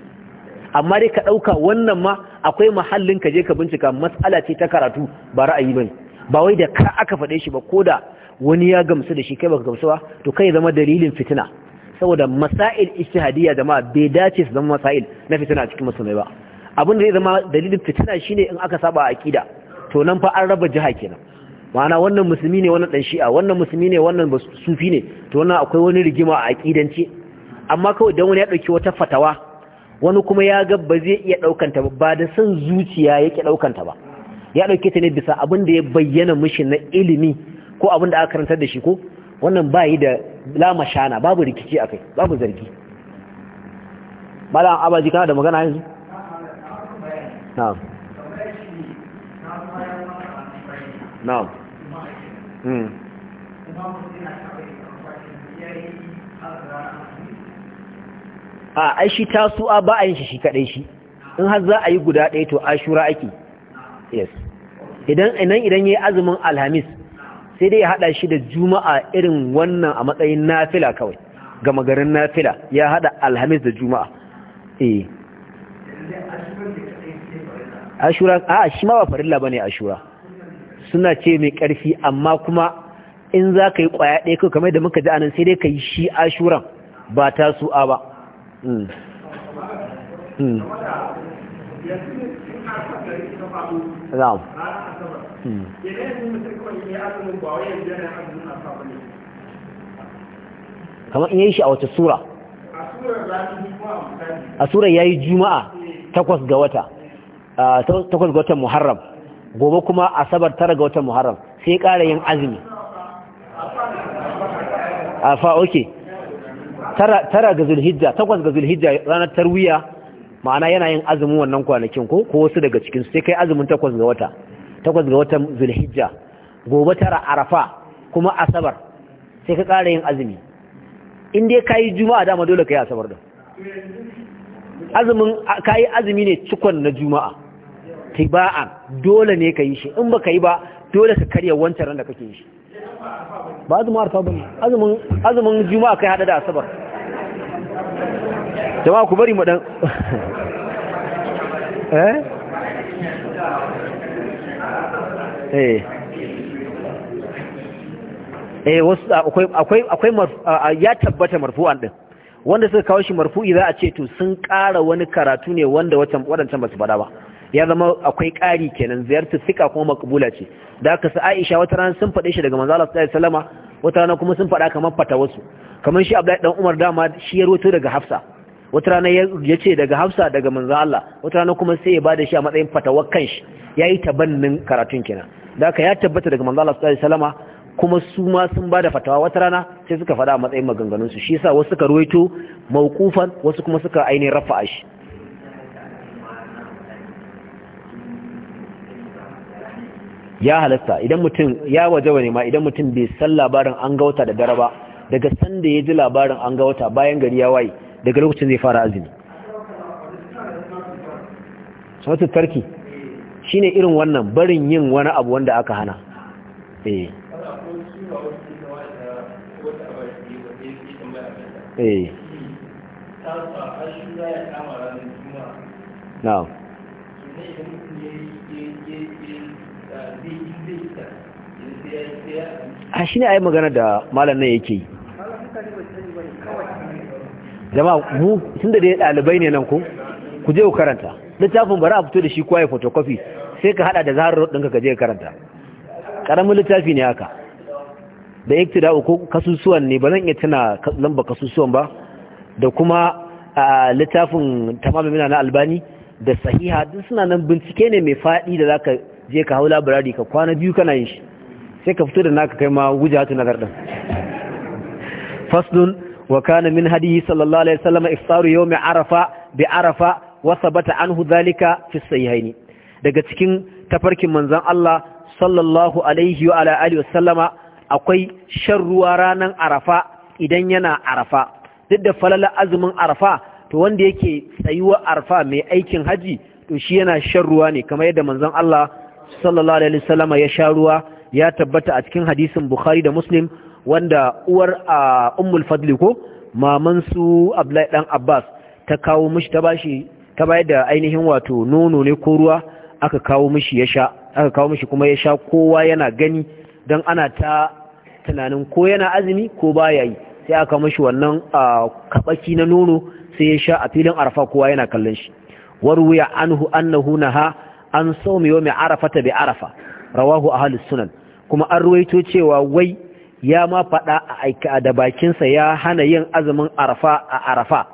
amma dai ka ɗauka wannan ma akwai mahallin ka je ka bincika matsala ce ta karatu ba ra'ayi bane ba wai da ka aka faɗe shi ba ko da wani ya gamsu da shi kai baka gamsu ba to kai zama dalilin fitina saboda masail ijtihadiyya jama'a bai dace su zama masail na fitina cikin musulmai ba abin da zai zama dalilin fitina shine in aka saba akida to nan fa an raba jiha kenan ma'ana wannan musulmi ne wannan dan shi'a wannan musulmi ne wannan sufi ne to wannan akwai wani rigima a akidance amma kawai dan wani ya dauki wata fatawa wani kuma ya ga ba zai iya ta ba da san zuciya yake ɗaukanta ba ya dauke ta ne bisa abin da ya bayyana mishi na ilimi ko abin da aka karanta da shi ko wannan ba yi da lamashana babu rikici akai babu zargi malam abaji kana da magana yanzu نعم نعم hmm. a ai shi tasu'a ba a yin shi shi kadai shi in har za a yi guda ɗaya to ashura ake yes idan idan ya yi azumin alhamis sai dai ya haɗa shi da juma'a irin wannan a matsayin nafila kawai gama garin nafila ya haɗa alhamis da juma'a eh ashura a shi ma ba farilla bane ashura suna ce mai karfi amma kuma in za ka yi kwaya ɗaya kai kamar da muka ji anan sai dai ka yi shi ashuran ba ta su'a ba hmm. Hmm. Hmm. kamar in yi shi a wata sura a sura ya yi juma'a takwas ga wata takwas ga watan muharram gobe kuma asabar tara ga watan muharram sai ƙara yin azumi a fa oke tara ga zulhijja takwas ga zulhijja ranar tarwiya ma'ana yana yin azumin wannan kwanakin ko ko wasu daga cikin sai kai azumin takwas ga wata takwas ga watan zulhijja gobe tara arafa kuma asabar sai ka ƙara yin azumi in dai ka yi juma'a dama dole ka yi asabar da azumin ka yi azumi ne cikon na juma'a tiba'an dole ne ka yi shi in ba ka yi ba dole ka karya wancan ran da kake yi shi ba azumin arfa ba ne azumin juma'a kai hada da asabar jama'a ku bari mu dan eh eh eh wasu akwai akwai akwai ya tabbata marfu'an din wanda suka kawo shi marfu'i za a ce to sun ƙara wani karatu ne wanda waɗancan ba su faɗa ba ya zama akwai ƙari kenan ziyarta sika kuma makbula ce da aka sa Aisha wata rana sun faɗe shi daga manzo Allah sallallahu alaihi wasallama wata rana kuma sun faɗa kamar fata wasu kamar shi Abdullahi dan Umar dama shi ya roto daga Hafsa wata rana ya ce daga Hafsa daga manzo Allah wata rana kuma sai ya bada shi a matsayin fatawar kanshi yayi tabannin karatun kenan da aka ya tabbata daga manzo Allah sallallahu alaihi wasallama kuma su ma sun ba da fatawa wata rana sai suka fada a matsayin maganganunsu shi sa wasu suka ruwaito maukufan wasu kuma suka ainihin a shi ya halasta idan mutum ya waje wane ma idan mutum bai san labarin an ga da dare ba daga sanda ya ji labarin an ga bayan gari ya waye daga lokacin zai fara azumi sautu tarki shine irin wannan barin yin wani abu wanda aka hana eh. Eh. a ah, shi ne a yi magana da malam nan yake yi Zama mu tun da dai ɗalibai ne nan ku ku je ku karanta littafin bari a fito da shi kwaye photocopy sai ka hada da zaharar ɗinka ka je karanta ƙaramin littafi ne haka da iktida'u uku kasusuwan ne ba zan iya tana lamba kasusuwan ba da kuma a littafin tamamina na albani da sahiha duk suna nan bincike ne mai faɗi da zaka je ka hau labarari ka kwana biyu kana yin shi sai ka fito da naka kai ma hatu nazar din faslun wa kana min sallallahu alaihi wasallam iftaru yawmi arafa bi arafa wa sabata anhu dhalika fi sahihaini daga cikin tafarkin manzon Allah sallallahu alaihi wa ala alihi wasallama akwai shan ruwa ranar arafa idan yana arafa duk da falala azumin arafa to wanda yake tsayuwa arafa mai aikin haji to shi yana shan ruwa ne kamar yadda manzon Allah sallallahu alaihi wasallam ya sha ruwa ya tabbata a cikin hadisin Bukhari da Muslim wanda uwar a Ummul Fadli ko maman su Abdullahi dan Abbas ta kawo mishi ta bashi ta bayar da ainihin wato nono ne ko ruwa aka kawo mishi ya sha aka kawo mishi kuma ya sha kowa yana gani don ana ta tunanin ko yana azumi ko baya yi sai aka mashi wannan kabaki na nono sai ya sha a filin arafa kowa yana kallon shi warwiya anhu annahu naha an sawmi mai arafata bi arafa rawahu halis sunan kuma an ruwaito cewa wai ya ma faɗa a aika da bakinsa ya hana yin azumin arafa a arafa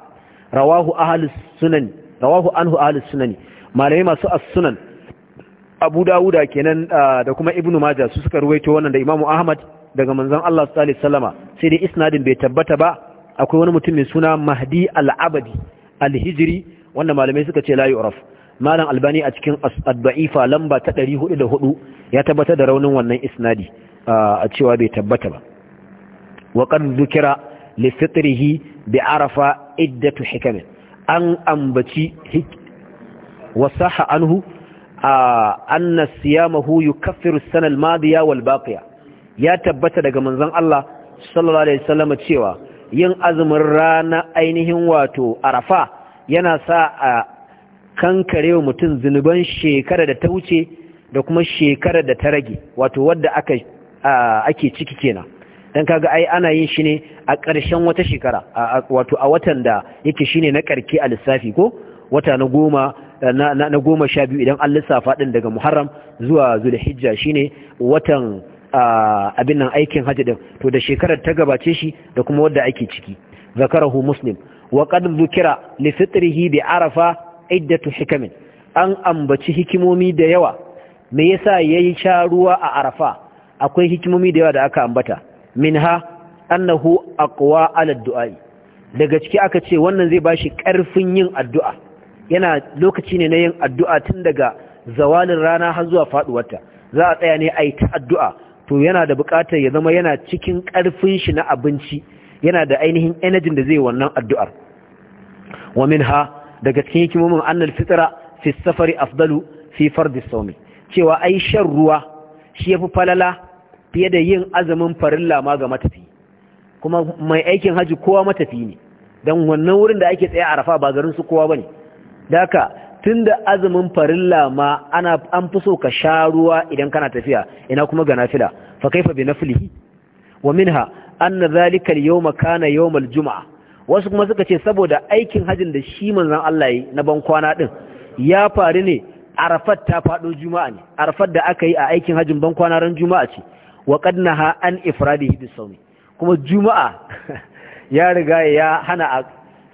rawahu ahlus sunan rawahu anhu halis sunan malamai masu as-sunan abu dawuda kenan da kuma ibnu majah su suka ruwaito wannan da imamu ahmad daga manzon Allah sallallahu alaihi sai dai isnadin bai tabbata ba akwai wani mutum mai suna Mahdi al-Abadi al-Hijri wanda malamai suka ce la yu'raf malam Albani a cikin ad-da'ifa lamba ta 404 ya tabbata da raunin wannan isnadi a cewa bai tabbata ba wa qad dhukira li fitrihi bi arafa iddatu hikamin an ambaci anhu عنه nasiya أن صيامه sanal السنة wal والباقية ya tabbata daga manzon Allah sallallahu alaihi wasallam cewa yin azumin rana ainihin wato arafa yana sa a kankarewa mutum zinuban shekara da ta wuce da kuma shekara da ta rage wato wadda aka ake ciki kenan dan kaga ai ana yin shi ne a ƙarshen wata shekara wato a watan da yake shine na ƙarke a lissafi ko wata na goma na goma sha biyu idan an lissafa ɗin daga muharram zuwa zulhijja shine watan abin nan aikin hajji din to da shekarar ta gabace shi da kuma wadda ake ciki zakarahu muslim wa qad dhukira li fitrihi bi arafa iddatu hikamin an ambaci hikimomi da yawa me yasa yayi sha ruwa a arafa akwai hikimomi da yawa da aka ambata minha annahu aqwa ala du'ai daga ciki aka ce wannan zai bashi karfin yin addu'a yana lokaci ne na yin addu'a tun daga zawalin rana har zuwa faduwarta za a tsaya ne a yi ta addu'a to yana da buƙatar ya zama yana cikin ƙarfin shi na abinci yana da ainihin energy da zai wannan addu'ar wa minha daga cikin hikimomin annal fitra fi safari afdalu fi fardis sawmi cewa ai shan ruwa shi yafi falala fiye da yin azumin farilla ma ga matafi kuma mai aikin haji kowa matafi ne dan wannan wurin da ake tsaye a Arafa ba garin su kowa bane daka da azumin farilla ma ana an fi so ka sha ruwa idan kana tafiya ina kuma ga nafila fa kaifa bi naflihi wa minha anna zalika al-yawma kana yawm al-jum'a wasu kuma suka ce saboda aikin hajin da shi manzon Allah yi na ban kwana din ya faru ne Arafat ta fado Juma'a ne Arafat da aka yi a aikin hajin ban kwana ran Juma'a ce wa qad naha an ifradihi bis sawmi kuma Juma'a ya riga ya hana a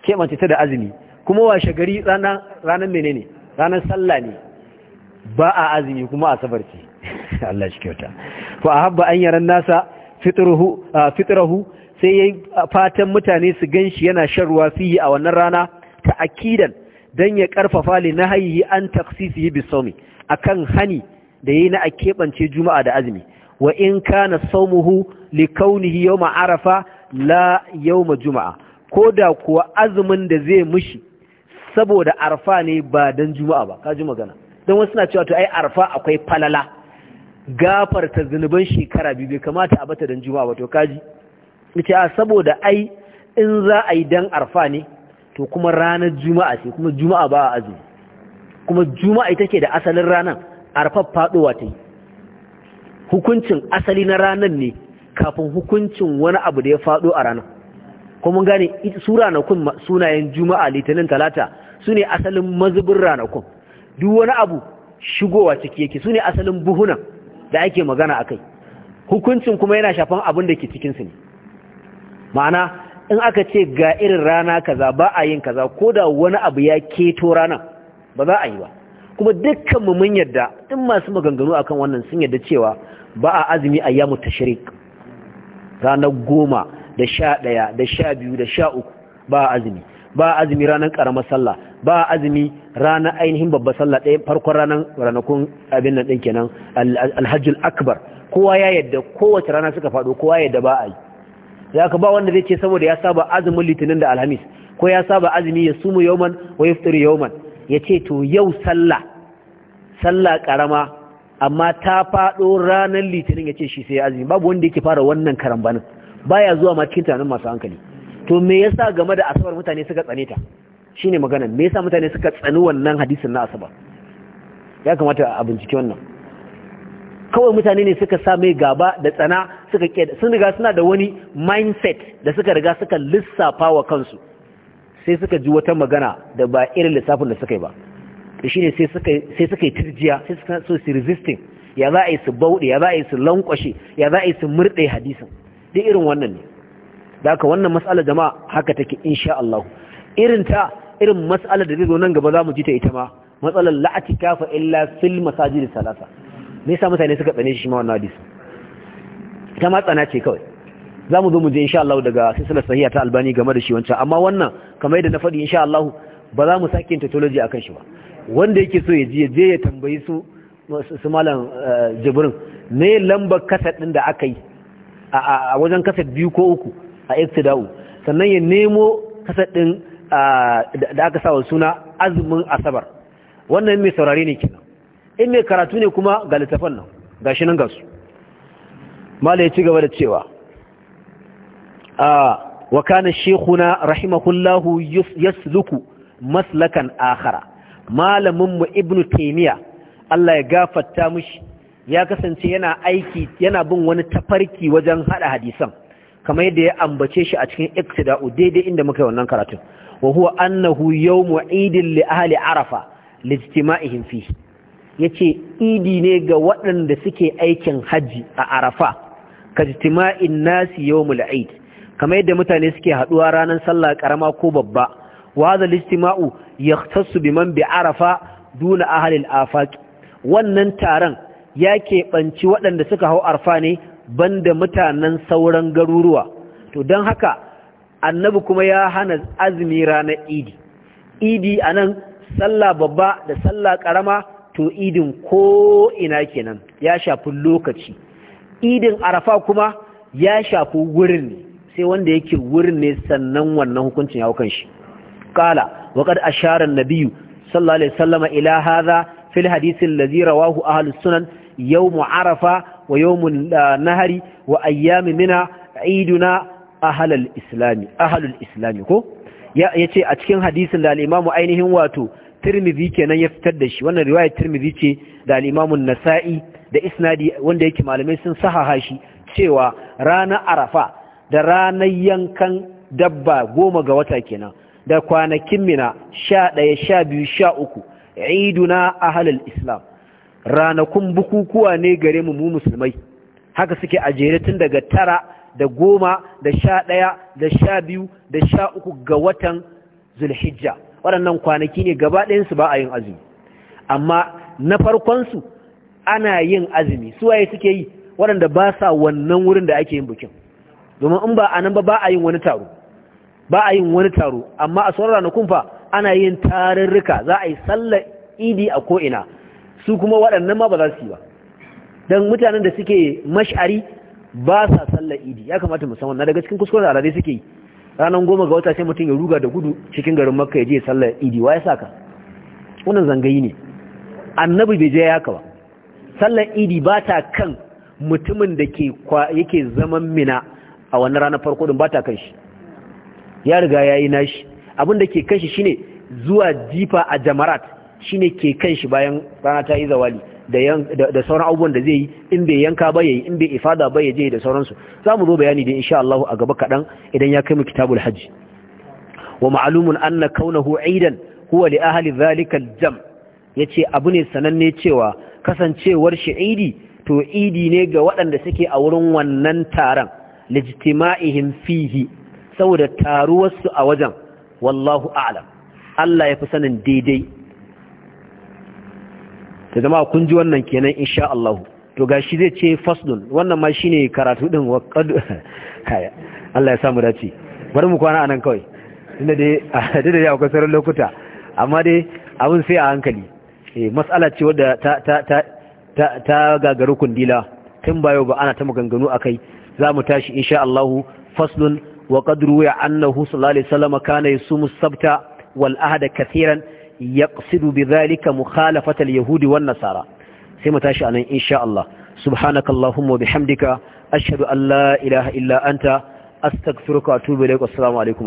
kemance ta da azumi kuma washe gari ranar ne ranar sallah ne ba a azumi kuma asabar ce Allah shi kyauta a ahabba an yaran nasa fitrahu fitrahu sai yi fatan mutane su gan shi yana shan ruwa fihi a wannan rana ta akidan dan ya karfafa na hayi an yi bisomi a akan hani da yayi na a keɓance juma'a da azumi wa in kana sawmuhu li kaunihi yawma arafa la yawma juma'a da kuwa azumin da zai mushi saboda arfa ne ba don juma'a ba ka ji magana don wasu na cewa to ai arfa akwai falala gafar ta zunuban shekara biyu bai kamata a bata don juma'a ba to kaji ita a saboda ai in za a yi dan arfa ne to kuma ranar juma'a ce kuma juma'a ba a azumi kuma juma'a ita ke da asalin ranar arfar faɗowa ta yi hukuncin asali na ranar ne kafin hukuncin wani abu da ya faɗo a ranar ko mun gane su ranakun sunayen juma'a litinin talata su ne asalin mazubin ranakun duk wani abu shigowa ciki yake su ne asalin buhunan da ake magana a kai hukuncin kuma yana shafan abin da ke cikinsu ne ma'ana in aka ce ga irin rana kaza ba a yin kaza ko da wani abu ya keto rana ba za a yi ba kuma dukkan mu mun yadda in masu maganganu akan wannan sun yadda cewa ba a azumi a yamu tashrik ranar goma da sha ɗaya da sha biyu da sha uku ba azumi ba azumi ranar ƙaramar sallah ba azumi ranar ainihin babbar sallah ɗaya farkon ranar ranakun abin nan ɗin kenan alhajjul akbar kowa ya yadda kowace rana suka faɗo kowa yadda ba a yi za ka ba wanda zai ce saboda ya saba azumin litinin da alhamis ko ya saba azumi ya sumu yauman wa ya fitar yauman ya ce to yau sallah sallah ƙarama amma ta faɗo ranar litinin ya ce shi sai azumi babu wanda yake fara wannan karambanin baya zuwa ma cikin tunanin masu hankali to me yasa game da asabar mutane suka tsane ta shine magana me yasa mutane suka tsani wannan hadisin na asaba, ya kamata a bincike wannan kawai mutane ne suka sa mai gaba da tsana suka sun riga suna da wani mindset da suka riga suka lissafa wa kansu sai suka ji wata magana da ba irin lissafin da suka yi ba to shine sai suka yi turjiya sai suka so su resisting ya za a yi su bauɗe ya za a yi su lankwashe ya za a yi su murɗe hadisin duk irin wannan ne da haka wannan mas'ala jama'a haka take insha Allah irin ta irin mas'alar da zai zo nan gaba za mu ji ta ita ma matsalar kafa illa fil masajid salasa me yasa mutane suka tsane shi ma wannan hadisi ita ma tsana ce kawai za mu zo mu je insha Allah daga silsilar sahiha ta albani game da shi wancan amma wannan kamar yadda na faɗi insha Allah ba za mu sake tautology akan shi ba wanda yake so ya je je ya tambayi su su malam eh, jibrin me lambar kasa din da aka yi a wajen kaset biyu ko uku a iktida'u sannan ya nemo kaset ɗin da aka sawa suna azumin asabar wannan mai saurari ne kenan in mai karatu ne kuma ga littafan nan ga shi nan gasu mala ya ci gaba da cewa a wakana shekuna rahimahullahu yasluku maslakan akhara malamin mu ibnu taimiyya Allah ya gafarta mushi ya kasance yana aiki yana bin wani tafarki wajen hada hadisan kamar yadda ya ambace shi a cikin iktida'u daidai inda muka yi wannan karatun wa huwa annahu yawmu idin li ahli arafa lijtima'ihim fi yace idi ne ga waɗanda suke aikin haji a arafa ka jtima'in nasi yawmul eid kamar yadda mutane suke haduwa ranar sallah karama ko babba wa hadha lijtima'u yahtassu biman bi arafa duna ahli al-afaq wannan taron ya keɓanci waɗanda suka hau arfa ne ban da mutanen sauran garuruwa to don haka annabi kuma ya hana azumi ranar idi idi a nan sallah babba da sallah ƙarama to idin ko ina kenan ya shafi lokaci idin arafa kuma ya shafi wurin ne sai wanda yake wurin ne sannan wannan hukuncin ya hukun shi kala waƙar asharar nabiyu sallallahu alaihi sallama ila haza fil hadisin lazira rawahu ahlus sunan yawmu arafa wa yawmun nahari wa ayyami mina iduna ahlul islami ahlul islami ko yace a cikin hadisin da al ainihin wato tirmidhi kenan ya fitar da shi wannan riwaya tirmidhi ce da al-imamu nasa'i da isnadi wanda yake malamai sun sahaha shi cewa ranar arafa da ranar yankan dabba goma ga wata kenan da kwanakin mina sha ɗaya sha biyu sha uku iduna ahlul islam ranakun bukukuwa ne gare mu mu musulmai haka suke a jere tun daga tara da goma da sha ɗaya da sha biyu da sha uku ga watan zulhijja waɗannan kwanaki ne gaba ɗayansu ba a yin azumi amma na farkonsu ana yin azumi suwaye suke yi waɗanda ba sa wannan wurin da ake yin bikin domin in ba a nan ba ba a yin wani taro ba a yin wani taro amma a sauran ranakun fa ana yin tarurruka za a yi sallar idi a ko'ina su kuma waɗannan ma ba za su yi ba don mutanen da suke mash'ari ba sa sallar idi ya kamata musamman na daga cikin kuskuren alade suke yi ranar goma ga wata sai mutum ya ruga da gudu cikin garin makka ya je sallar idi wa ya sa ka wannan zangayi ne annabi bai je ya ka ba sallar idi ba ta kan mutumin da ke yake zaman mina a wannan ranar farko din ba ta kan shi ya riga ya yi nashi abin da ke kan shi shine zuwa jifa a jamarat shine ke kan shi bayan rana ta yi zawali da sauran abubuwan da zai yi in bai yanka ba in bai ifada ba yaje da sauransu za mu zo bayani da insha Allah a gaba kaɗan idan ya kai mu kitabul hajji wa na anna hu aidan huwa li ahali zalikal jam jam yace abu ne sananne cewa kasancewar shi idi to idi ne ga waɗanda suke a wurin wannan taron lijtima'ihim fihi saboda taruwarsu a wajen wallahu a'lam Allah ya fi sanin daidai ta zama kun ji wannan kenan insha Allah to gashi zai ce faslun wannan ma shine karatu din wa Allah ya samu dace bari mu kwana anan kawai tunda dai da dai akwai lokuta amma dai abin sai a hankali eh mas'ala ce wadda ta ta ta ta, gagaru kundila tun bayo ba ana ta maganganu akai za mu tashi insha Allah faslun wa qadru ya annahu sallallahu alaihi wasallam kana yusumu sabta wal ahada kathiran yaqsidu bidhalika mukhalafatal yahudi wan nasara sai mu tashi anan insha Allah subhanakallahumma bihamdika ashhadu an la ilaha illa anta astaghfiruka wa atubu ilaik assalamu alaikum